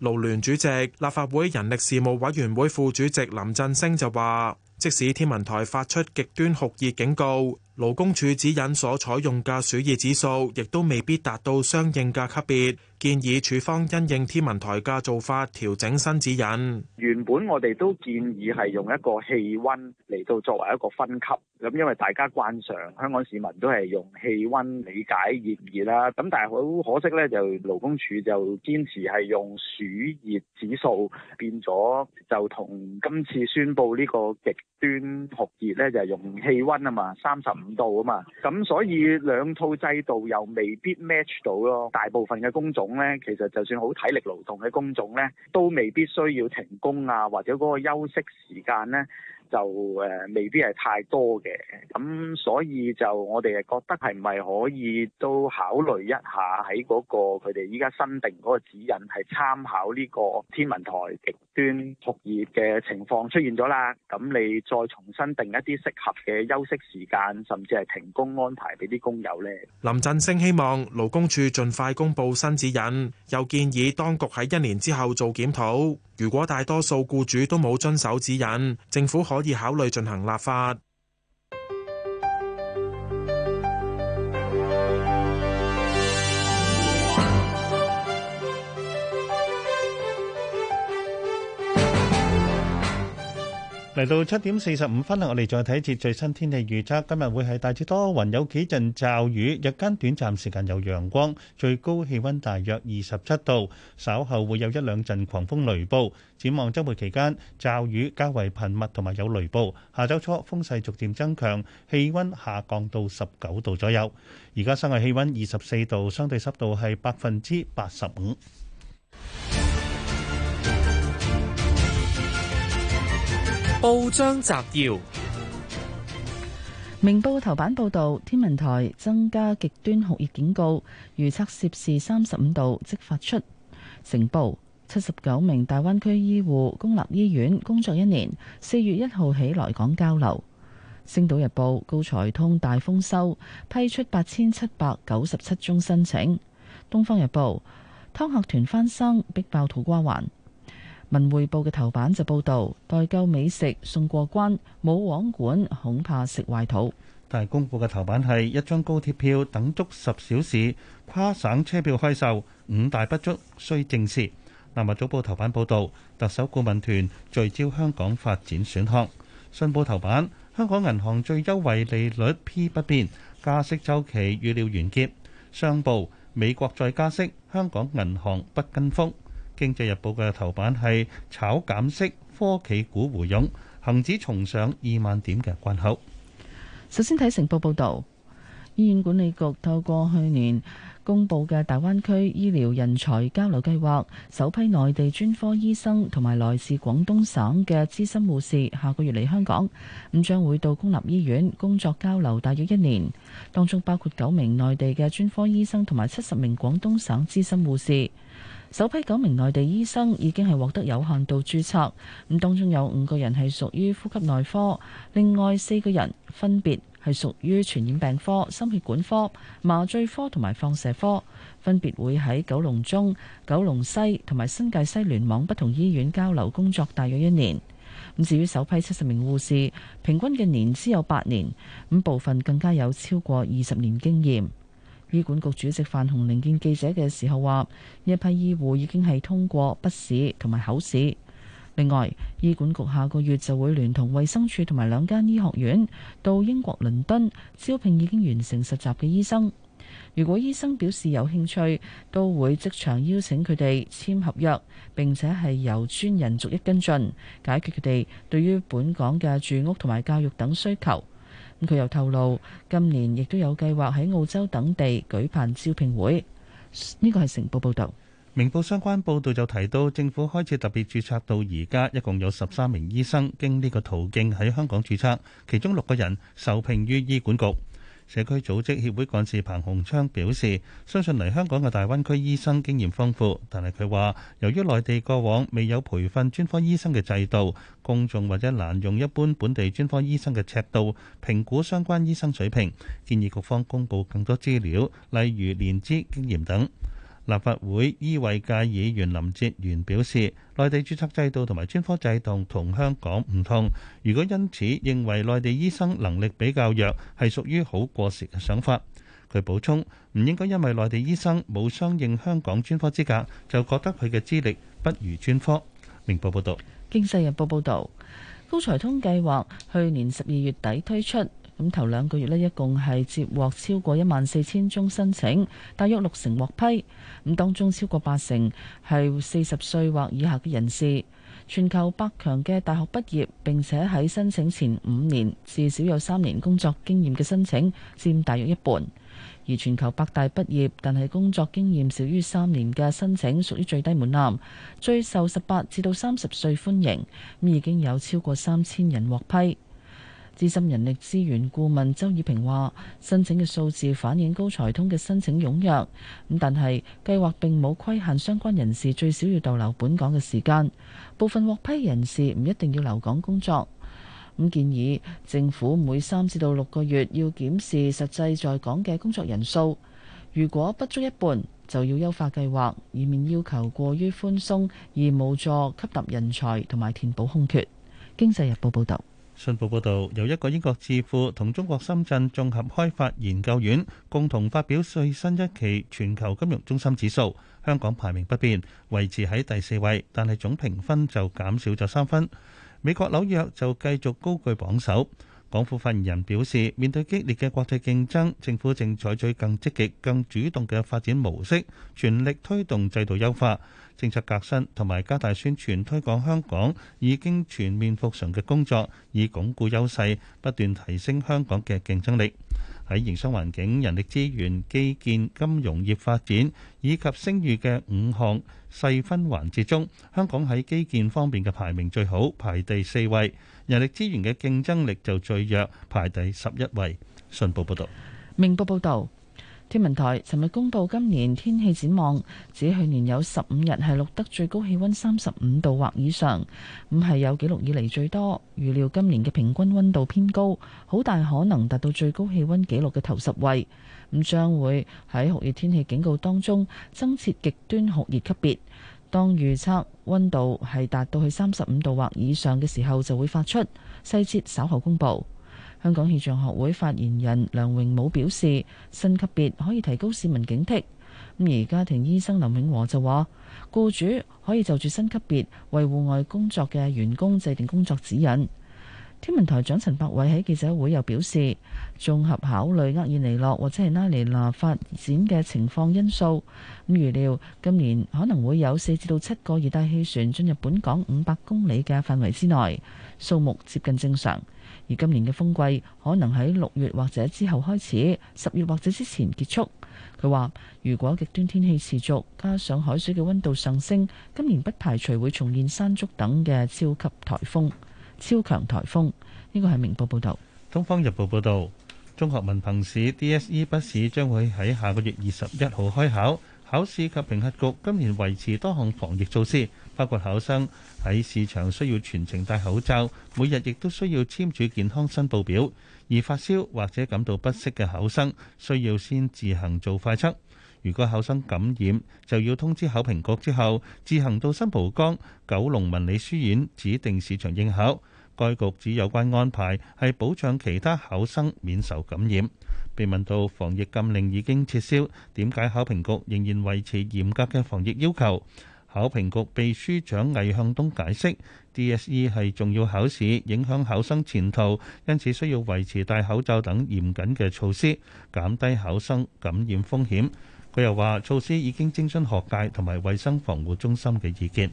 勞聯主席、立法會人力事務委員會副主席林振昇就話，即使天文台發出極端酷熱警告。勞工處指引所採用嘅暑熱指數，亦都未必達到相應嘅級別，建議處方因應天文台嘅做法調整新指引。原本我哋都建議係用一個氣温嚟到作為一個分級，咁因為大家慣常香港市民都係用氣温理解熱唔熱啦。咁但係好可惜呢，就勞工處就堅持係用暑熱指數變咗，就同今次宣布呢個極端酷熱呢，就係用氣温啊嘛，三十五。度啊嘛，咁所以兩套制度又未必 match 到咯。大部分嘅工種咧，其實就算好體力勞動嘅工種咧，都未必需要停工啊，或者嗰個休息時間咧。 *music* 就誒未必係太多嘅，咁所以就我哋覺得係唔係可以都考慮一下喺嗰個佢哋依家新定嗰個指引係參考呢個天文台極端酷熱嘅情況出現咗啦，咁你再重新定一啲適合嘅休息時間，甚至係停工安排俾啲工友咧。林振昇希望勞工處盡快公布新指引，又建議當局喺一年之後做檢討，如果大多數僱主都冇遵守指引，政府可可以考慮進行立法。嚟到七點四十五分啦，我哋再睇一節最新天氣預測。今日會係大致多雲，有幾陣驟雨，日間短暫時間有陽光，最高氣溫大約二十七度。稍後會有一兩陣狂風雷暴，展望週末期間驟雨較為頻密同埋有雷暴。下週初風勢逐漸增強，氣溫下降到十九度左右。而家室外氣溫二十四度，相對濕度係百分之八十五。報章摘要：明報頭版報道，天文台增加極端酷熱警告，預測攝氏三十五度即發出。成報：七十九名大灣區醫護公立醫院工作一年，四月一號起來港交流。星島日報：高才通大豐收，批出八千七百九十七宗申請。東方日報：劏客團翻生，逼爆土瓜灣。文匯報嘅頭版就報道代購美食送過關，冇網管恐怕食壞肚。但係《大公報》嘅頭版係一張高鐵票等足十小時，跨省車票開售，五大不足需正視。南華早報頭版報道特首顧問團聚焦香港發展選項。信報頭版香港銀行最優惠利率 P 不變，加息週期預料完結。商報，美國再加息，香港銀行不跟風。《經濟日報》嘅頭版係炒減息，科技股回勇，恒指重上二萬點嘅關口。首先睇《成報》報導，醫院管理局透過去年公布嘅大灣區醫療人才交流計劃，首批內地專科醫生同埋來自廣東省嘅資深護士下個月嚟香港，咁將會到公立醫院工作交流，大約一年。當中包括九名內地嘅專科醫生同埋七十名廣東省資深護士。首批九名內地醫生已經係獲得有限度註冊，咁當中有五個人係屬於呼吸內科，另外四個人分別係屬於傳染病科、心血管科、麻醉科同埋放射科，分別會喺九龍中、九龍西同埋新界西聯網不同醫院交流工作，大約一年。咁至於首批七十名護士，平均嘅年資有八年，咁部分更加有超過二十年經驗。醫管局主席范鴻齡見記者嘅時候話，一批醫護已經係通過筆試同埋考試。另外，醫管局下個月就會聯同衛生署同埋兩間醫學院，到英國倫敦招聘已經完成實習嘅醫生。如果醫生表示有興趣，都會即場邀請佢哋簽合約，並且係由專人逐一跟進，解決佢哋對於本港嘅住屋同埋教育等需求。佢又透露，今年亦都有計劃喺澳洲等地舉辦招聘會。呢個係成報報道。明報相關報道就提到，政府開始特別註冊到而家一共有十三名醫生經呢個途徑喺香港註冊，其中六個人受聘於醫管局。社區組織協會幹事彭鴻昌表示，相信嚟香港嘅大灣區醫生經驗豐富，但係佢話，由於內地過往未有培訓專科醫生嘅制度，公眾或者難用一般本地專科醫生嘅尺度評估相關醫生水平，建議局方公布更多資料，例如年資經驗等。立法會醫衞界議員林哲玄表示，內地註冊制度同埋專科制度同香港唔同，如果因此認為內地醫生能力比較弱，係屬於好過時嘅想法。佢補充，唔應該因為內地醫生冇相應香港專科資格，就覺得佢嘅資歷不如專科。明報報道：《經濟日報》報道，高才通計劃去年十二月底推出。咁頭兩個月呢，一共係接獲超過一萬四千宗申請，大約六成獲批。咁當中超過八成係四十歲或以下嘅人士。全球百強嘅大學畢業並且喺申請前五年至少有三年工作經驗嘅申請佔大約一半。而全球百大畢業但係工作經驗少於三年嘅申請屬於最低門檻，最受十八至到三十歲歡迎。已經有超過三千人獲批。資深人力資源顧問周以平話，申請嘅數字反映高才通嘅申請踴躍，咁但係計劃並冇規限相關人士最少要逗留本港嘅時間，部分獲批人士唔一定要留港工作。咁建議政府每三至到六個月要檢視實際在港嘅工作人數，如果不足一半，就要優化計劃，以免要求過於寬鬆而無助吸納人才同埋填補空缺。經濟日報報道。信報報導，由一個英國智庫同中國深圳綜合開發研究院共同發表最新一期全球金融中心指數，香港排名不變，維持喺第四位，但係總評分就減少咗三分。美國紐約就繼續高居榜首。港府發言人表示，面對激烈嘅國際競爭，政府正採取更積極、更主動嘅發展模式，全力推動制度優化。政策革新同埋加大宣傳推廣香港已經全面復常嘅工作，以鞏固優勢，不斷提升香港嘅競爭力。喺營商環境、人力資源、基建、金融業發展以及聲譽嘅五項細分環節中，香港喺基建方面嘅排名最好，排第四位；人力資源嘅競爭力就最弱，排第十一位。信報報導，明報報導。天文台尋日公布今年天氣展望，指去年有十五日係錄得最高氣温三十五度或以上，咁係有紀錄以嚟最多。預料今年嘅平均温度偏高，好大可能達到最高氣温紀錄嘅頭十位。咁將會喺酷熱天氣警告當中增設極端酷熱級別，當預測温度係達到去三十五度或以上嘅時候就會發出。細節稍後公佈。香港氣象學會發言人梁榮武表示，新級別可以提高市民警惕。咁而家庭醫生林永和就話，僱主可以就住新級別為戶外工作嘅員工制定工作指引。天文台長陳栢緯喺記者會又表示，綜合考慮厄爾尼諾或者係拉尼娜發展嘅情況因素，咁預料今年可能會有四至到七個熱帶氣旋進入本港五百公里嘅範圍之內，數目接近正常。而今年嘅風季可能喺六月或者之後開始，十月或者之前結束。佢話：如果極端天氣持續，加上海水嘅温度上升，今年不排除會重現山竹等嘅超級颱風、超強颱風。呢個係明報報導。《東方日報》報導，中學文憑試、DSE 筆試將會喺下個月二十一號開考，考試及評核局今年維持多項防疫措施。包括考生喺市場需要全程戴口罩，每日亦都需要簽署健康申報表。而發燒或者感到不適嘅考生，需要先自行做快測，如果考生感染，就要通知考評局之後自行到新蒲崗九龍文理書院指定市場應考。該局指有關安排係保障其他考生免受感染。被問到防疫禁令已經撤銷，點解考評局仍然維持嚴格嘅防疫要求？考評局秘書長魏向東解釋，DSE 係重要考試，影響考生前途，因此需要維持戴口罩等嚴謹嘅措施，減低考生感染風險。佢又話，措施已經徵詢學界同埋衛生防護中心嘅意見。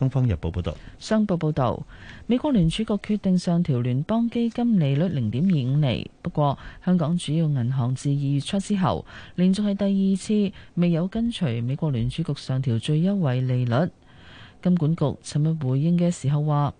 東方日報報道，商報報道，美國聯儲局決定上調聯邦基金利率零點二五厘。不過，香港主要銀行自二月初之後，連續係第二次未有跟隨美國聯儲局上調最優惠利率。金管局尋日回應嘅時候話，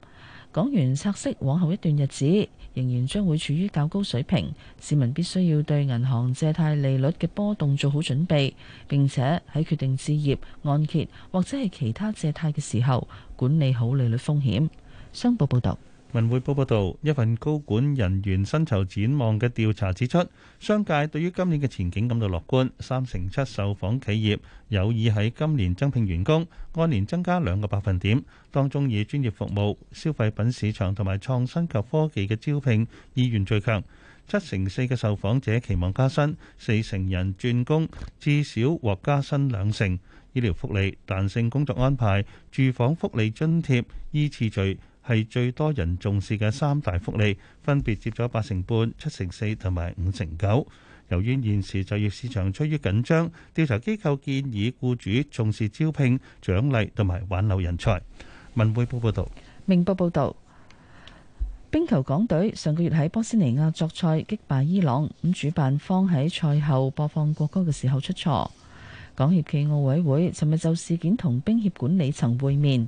港元拆息往後一段日子，仍然將會處於較高水平，市民必須要對銀行借貸利率嘅波動做好準備，並且喺決定置業、按揭或者係其他借貸嘅時候，管理好利率風險。商報報道。文匯報報道，一份高管人員薪酬展望嘅調查指出，商界對於今年嘅前景感到樂觀。三成七受訪企業有意喺今年增聘員工，按年增加兩個百分點。當中以專業服務、消費品市場同埋創新及科技嘅招聘意願最強。七成四嘅受訪者期望加薪，四成人轉工至少獲加薪兩成。醫療福利、彈性工作安排、住房福利津貼依次序。係最多人重視嘅三大福利，分別接咗八成半、七成四同埋五成九。由於現時就業市場趨於緊張，調查機構建議僱主重視招聘獎勵同埋挽留人才。文匯報報道，明報報道，冰球港隊上個月喺波斯尼亞作賽擊敗伊朗，咁主辦方喺賽後播放國歌嘅時候出錯。港協暨奧委會尋日就事件同冰協管理層會面。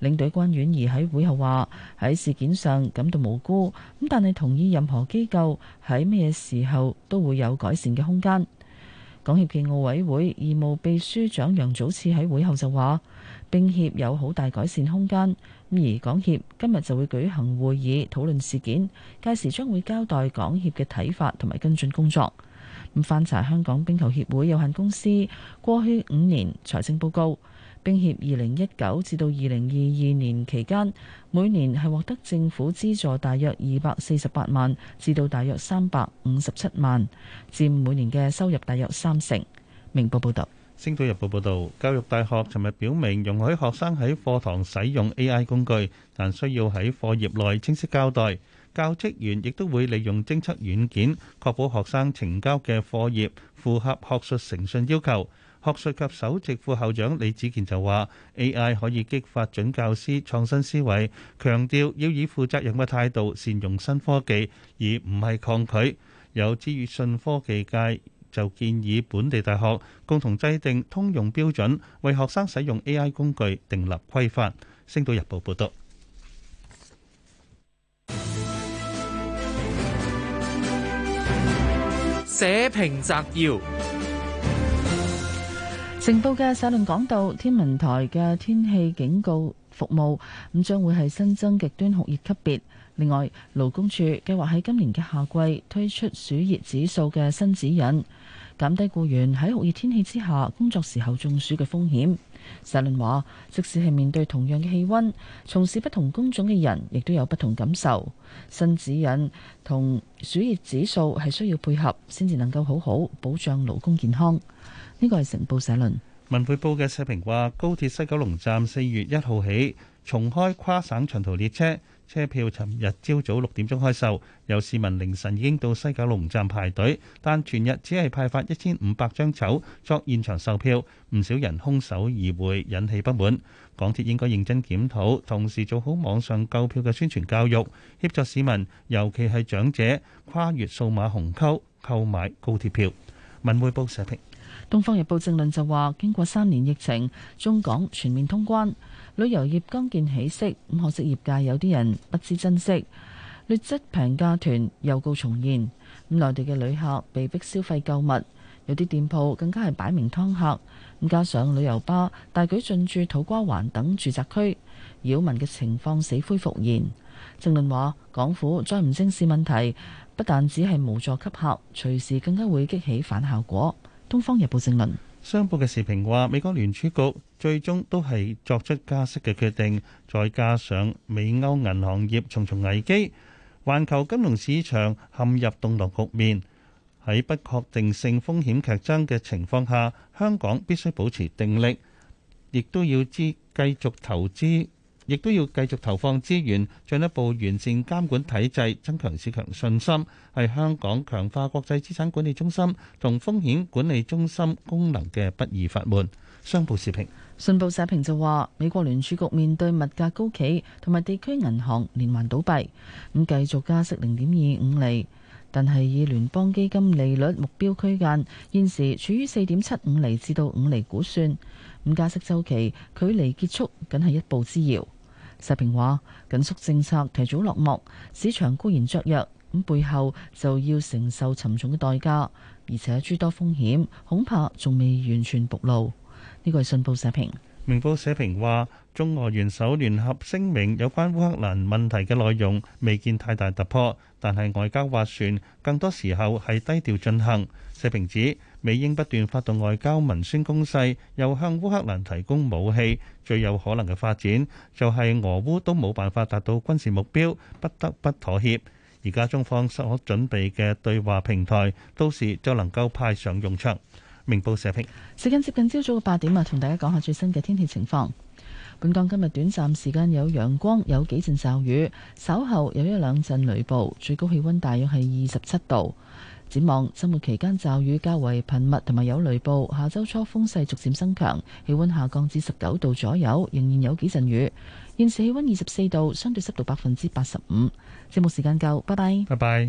領隊關婉怡喺會後話：喺事件上感到無辜，咁但係同意任何機構喺咩嘢時候都會有改善嘅空間。港協暨奧委會義務秘書長楊祖賜喺會後就話：冰協有好大改善空間，而港協今日就會舉行會議討論事件，屆時將會交代港協嘅睇法同埋跟進工作。咁翻查香港冰球協會有限公司過去五年財政報告。冰協二零一九至到二零二二年期間，每年係獲得政府資助大約二百四十八萬至到大約三百五十七萬，佔每年嘅收入大約三成。明報報道，《星島日報》報道，教育大學尋日表明容許學生喺課堂使用 AI 工具，但需要喺課業內清晰交代。教職員亦都會利用偵測軟件確保學生呈交嘅課業符合學術誠信要求。學術及首席副校長李子健就話：A.I. 可以激發準教師創新思維，強調要以負責任嘅態度善用新科技，而唔係抗拒。有資訊科技界就建議本地大學共同制定通用標準，為學生使用 A.I. 工具訂立規範。星島日報報導。社評摘要。城報嘅社論講到，天文台嘅天氣警告服務咁將會係新增極端酷熱級別。另外，勞工處計劃喺今年嘅夏季推出暑熱指數嘅新指引，減低僱員喺酷熱天氣之下工作時候中暑嘅風險。社論話，即使係面對同樣嘅氣溫，從事不同工種嘅人亦都有不同感受。新指引同暑熱指數係需要配合，先至能夠好好保障勞工健康。呢個係《城報社論》，文匯報嘅社評話：高鐵西九龍站四月一號起重開跨省長途列車，車票尋日朝早六點鐘開售，有市民凌晨已經到西九龍站排隊，但全日只係派發一千五百張籌作現場售票，唔少人空手而回，引起不滿。港鐵應該認真檢討，同時做好網上購票嘅宣傳教育，協助市民，尤其係長者跨越數碼鴻溝購買高鐵票。文匯報社評。《東方日報》正論就話：經過三年疫情，中港全面通關，旅遊業剛見起色。咁可惜業界有啲人不知珍惜，劣質平價團又告重現。咁內地嘅旅客被逼消費購物，有啲店鋪更加係擺明劏客。加上旅遊巴大舉進駐土瓜灣等住宅區，擾民嘅情況死灰復燃。正論話：港府再唔正視問題，不但只係無助吸客，隨時更加會激起反效果。《東方日報》正論，商報嘅視頻話：美國聯儲局最終都係作出加息嘅決定，再加上美歐銀行業重重危機，環球金融市場陷入動盪局面。喺不確定性風險劇增嘅情況下，香港必須保持定力，亦都要知繼續投資。亦都要繼續投放資源，進一步完善監管體制，增強市場信心，係香港強化國際資產管理中心同風險管理中心功能嘅不二法門。商報視頻，信報社評就話：美國聯儲局面對物價高企同埋地區銀行連環倒閉，咁繼續加息零點二五厘，但係以聯邦基金利率目標區間現時處於四點七五厘至到五厘估算，咁加息週期距離結束僅係一步之遙。社評話緊縮政策提早落幕，市場固然雀躍，咁背後就要承受沉重嘅代價，而且諸多風險恐怕仲未完全暴露。呢個係信報社評。明報社評話中俄元首聯合聲明有關烏克蘭問題嘅內容未見太大突破，但係外交斡旋更多時候係低調進行。社評指，美英不斷發動外交文宣攻勢，又向烏克蘭提供武器，最有可能嘅發展就係俄烏都冇辦法達到軍事目標，不得不妥協。而家中方所準備嘅對話平台，到時就能夠派上用場。明報社評。時間接近朝早嘅八點啊，同大家講下最新嘅天氣情況。本港今日短暫時間有陽光，有幾陣驟雨，稍後有一兩陣雷暴，最高氣溫大約係二十七度。展望周末期間驟雨較為頻密同埋有雷暴，下周初風勢逐漸增強，氣溫下降至十九度左右，仍然有幾陣雨。現時氣溫二十四度，相對濕度百分之八十五。節目時間夠，拜拜。拜拜。